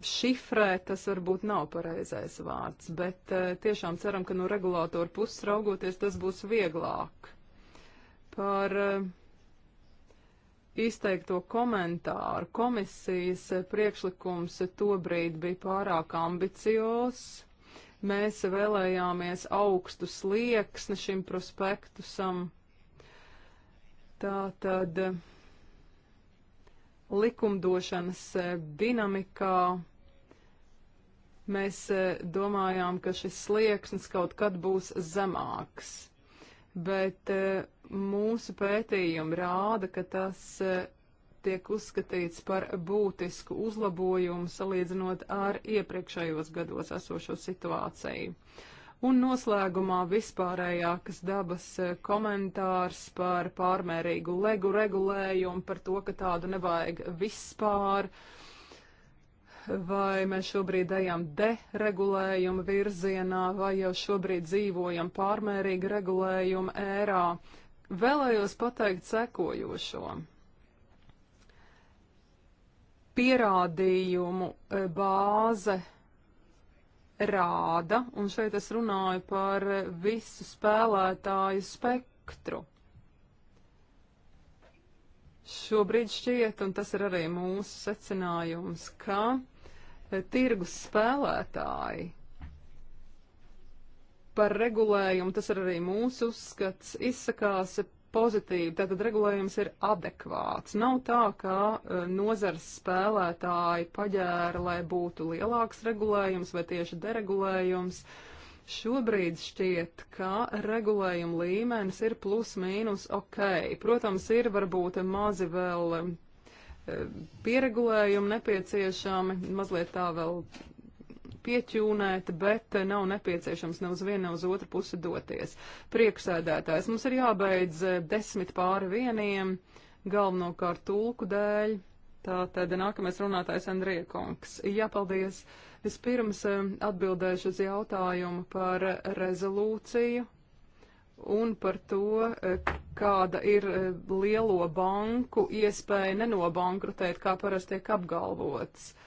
šifrē tas varbūt nav pareizais vārds, bet eh, tiešām ceram, ka no regulātora puses raugoties tas būs vieglāk. Par eh, izteikto komentāru komisijas priekšlikums tobrīd bija pārāk ambiciozs. Mēs vēlējāmies augstu slieksni šim prospektusam. Tā tad. Uh, likumdošanas e, dinamikā mēs e, domājām, ka šis slieksnis kaut kad būs zemāks. Bet e, mūsu pētījumi rāda, ka tas tiek uzskatīts par būtisku uzlabojumu salīdzinot ar iepriekšējos gados esošo situāciju. Uh, Un noslēgumā vispārējākas dabas eh, komentārs par pārmērīgu legu regulējumu, par to, ka tādu nevajag vispār. Vai mēs šobrīd ejam deregulējuma virzienā, vai jau šobrīd dzīvojam pārmērīga regulējuma ērā? Vēlējos pateikt sekojošo pierādījumu eh, bāze rāda, un šeit es runāju par visu spēlētāju spektru. Šobrīd šķiet, un tas ir arī mūsu secinājums, ka tirgus spēlētāji par regulējumu, tas ir arī mūsu uzskats, izsakās pozitīvi, tātad regulējums ir adekvāts. Nav tā, ka e, nozars spēlētāji paģēra, lai būtu lielāks regulējums vai tieši deregulējums. Šobrīd šķiet, ka regulējuma līmenis ir plus mīnus ok. Protams, ir varbūt mazi vēl e, pieregulējumi nepieciešami, mazliet tā vēl pieķūnēta, bet nav nepieciešams ne uz vienu, ne uz otru pusi doties. Prieksēdētājs mums ir jābeidz eh, desmit pāri vieniem, galvenokārt tulku dēļ. Tātad nākamais runātājs Andrija Konks. Jā, paldies. Vispirms eh, atbildēšu uz jautājumu par rezolūciju un par to, eh, kāda ir lielo banku iespēja nenobankrutēt, kā parasti tiek apgalvots. Uh,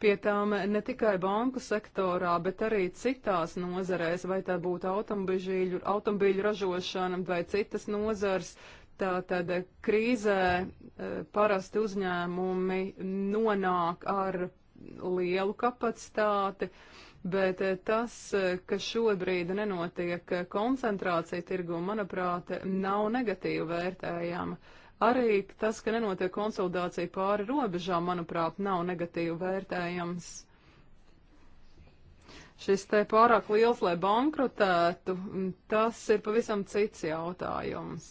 Pie tām ne tikai banku sektorā, bet arī citās nozarēs, vai tā būtu automobīļu, automobīļu ražošana vai citas nozars. Tātad krīzē e, parasti uzņēmumi nonāk ar lielu kapacitāti, bet e, tas, e, ka šobrīd nenotiek koncentrācija tirgu, manuprāt, nav negatīvi vērtējama. Arī tas, ka nenotiek konsolidācija pāri robežām, manuprāt, nav negatīvi vērtējams. Šis te pārāk liels, lai bankrotētu, tas ir pavisam cits jautājums.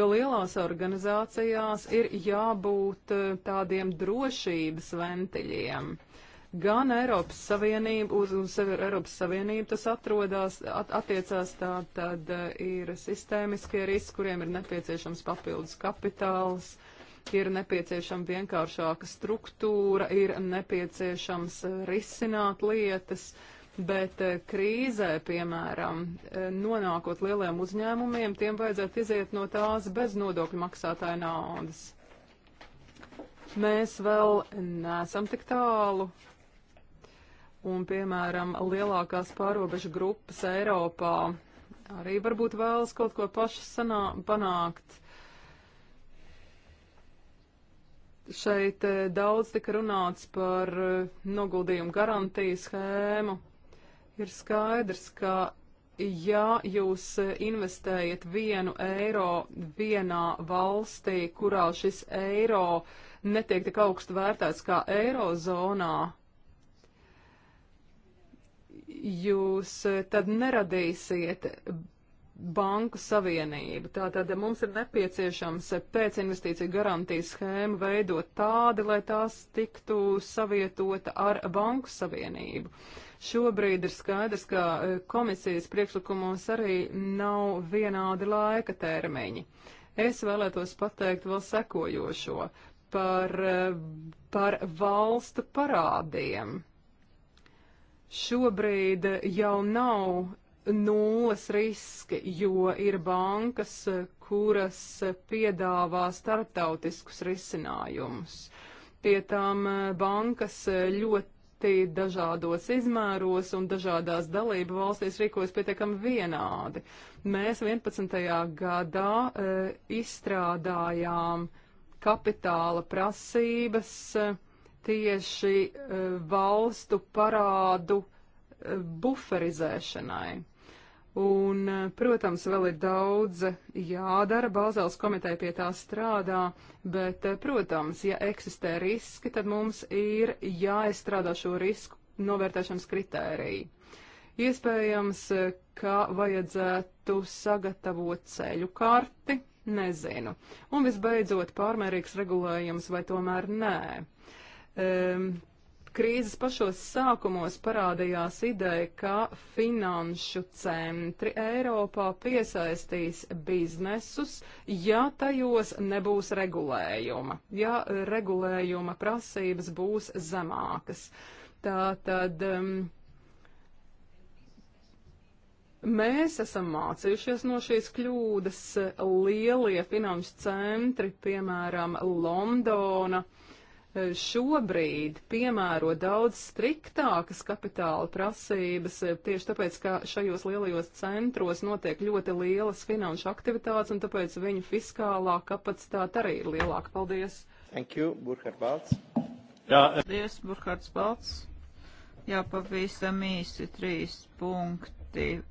Jo lielās organizācijās ir jābūt eh, tādiem drošības ventiļiem gan Eiropas Savienību, uz, uz Eiropas Savienību tas atrodās, at, attiecās tā, tad eh, ir sistēmiskie riski, kuriem ir nepieciešams papildus kapitāls, ir nepieciešama vienkāršāka struktūra, ir nepieciešams eh, risināt lietas. Bet eh, krīzē, piemēram, nonākot lieliem uzņēmumiem, tiem vajadzētu iziet no tās bez nodokļu maksātāja naudas. Mēs vēl neesam tik tālu, un, piemēram, lielākās pārobežu grupas Eiropā arī varbūt vēlas kaut ko pašas sanā, panākt. Šeit eh, daudz tika runāts par eh, noguldījumu garantiju schēmu. Ir skaidrs, ka ja jūs eh, investējat vienu eiro vienā valstī, kurā šis eiro netiek tik augstu vērtēts kā eirozonā, jūs eh, tad neradīsiet banku savienību. Tātad mums ir nepieciešams pēc investīciju garantijas schēmu veidot tādi, lai tās tiktu savietota ar banku savienību. Šobrīd ir skaidrs, ka eh, komisijas priekšlikumos arī nav vienādi laika termiņi. Es vēlētos pateikt vēl sekojošo par, eh, par valstu parādiem šobrīd jau nav nulles riski, jo ir bankas, kuras piedāvā starptautiskus risinājumus. Pie tām eh, bankas eh, ļoti dažādos izmēros un dažādās dalību valstīs rīkojas pietiekami vienādi. Mēs 11. gadā e, izstrādājām kapitāla prasības, e, tieši e, valstu parādu e, buferizēšanai. Un, e, protams, vēl ir daudz jādara, Bāzēlas komiteja pie tā strādā, bet, protams, ja eksistē riski, tad mums ir jāizstrādā šo risku novērtēšanas kritēriju. Iespējams, ka vajadzētu sagatavot ceļu karti, nezinu. Un visbeidzot, pārmērīgs regulējums vai tomēr nē um, krīzes pašos sākumos parādījās ideja, ka finanšu centri Eiropā piesaistīs biznesus, ja tajos nebūs regulējuma, ja regulējuma prasības būs zemākas. Tātad um, mēs esam mācījušies no šīs kļūdas. Lielie finanšu centri, piemēram, Londona, šobrīd piemēro daudz striktākas kapitāla prasības, e, tieši tāpēc, ka šajos lielajos centros notiek ļoti lielas finanšu aktivitātes, un tāpēc viņu fiskālā kapacitāte arī ir lielāka. Paldies! Thank you, Burkhard Balts. Jā. E- Paldies, Burkhards Balts. Jā, pavisam īsi trīs punkti.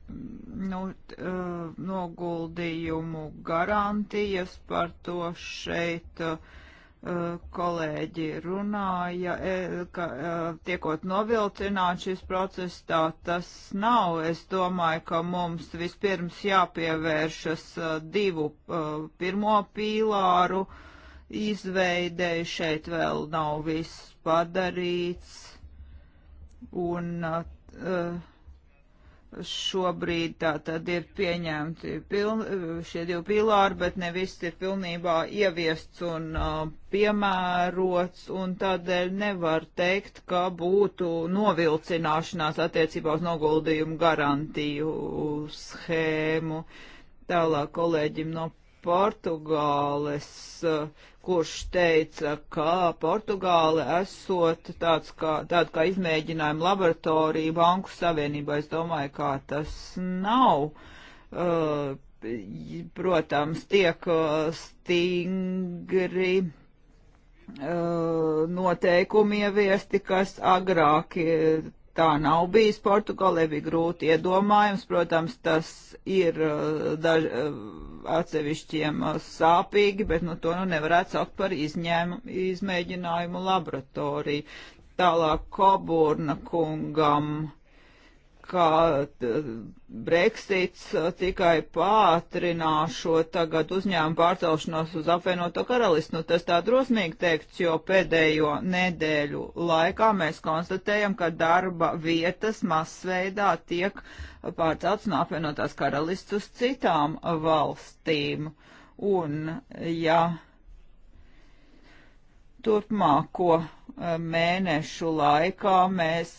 Nu, t, uh, noguldījumu garantijas par to šeit. Uh, Eh, kolēģi runāja, eh, ka eh, tiekot novilcināt šis process, tā tas nav. Es domāju, ka mums vispirms jāpievēršas divu pirmo pīlāru izveidēji. Šeit vēl nav viss padarīts. Un, uh, šobrīd tā tad ir pieņemti piln, šie divi pilāri, bet ne viss ir pilnībā ieviests un uh, piemērots, un tādēļ nevar teikt, ka būtu novilcināšanās attiecībā uz noguldījumu garantiju schēmu. Tālāk kolēģim no Portugāles. Uh, kurš teica, ka Portugāle esot tāds kā, tāda kā izmēģinājuma laboratorija Banku Savienībā. Es domāju, kā tas nav. Uh, protams, tiek uh, stingri uh, noteikumi ieviesti, kas agrāk tā nav bijis Portugālē, bija grūti iedomājums. Protams, tas ir uh, daž, uh, atsevišķiem uh, sāpīgi, bet nu, to nu nevarētu saukt par izņēmu, izmēģinājumu laboratoriju. Tālāk Koburna kungam. Uh, ka Brexits uh, tikai pātrinā šo tagad uzņēmumu pārcelšanos uz apvienoto karalistu. Nu, tas tā drosmīgi teikts, jo pēdējo nedēļu laikā mēs konstatējam, ka darba vietas masveidā tiek pārcelts no apvienotās karalists uz citām valstīm. Un, ja Turpmāko eh, mēnešu laikā mēs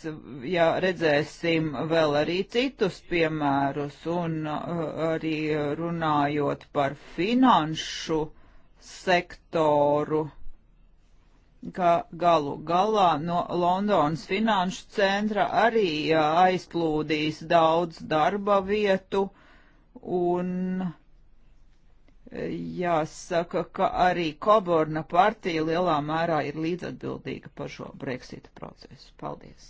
ja, redzēsim vēl arī citus piemērus un eh, arī runājot par finanšu sektoru, ka galu galā no Londonas finanšu centra arī eh, aizplūdīs daudz darba vietu un uh, jāsaka, ka arī Koborna partija lielā mērā ir līdzatbildīga par šo Brexit procesu. Paldies!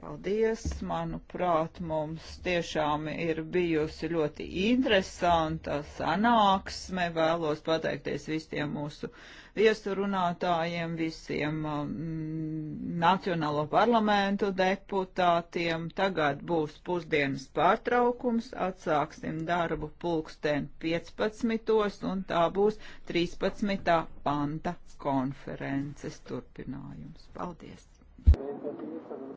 Paldies! Manuprāt, mums tiešām ir bijusi ļoti interesanta sanāksme. Vēlos pateikties visiem mūsu viesrunātājiem, visiem um, Nacionālo parlamentu deputātiem. Tagad būs pusdienas pārtraukums, atsāksim darbu pulksten 15. un tā būs 13. panta konferences turpinājums. Paldies! Thank you.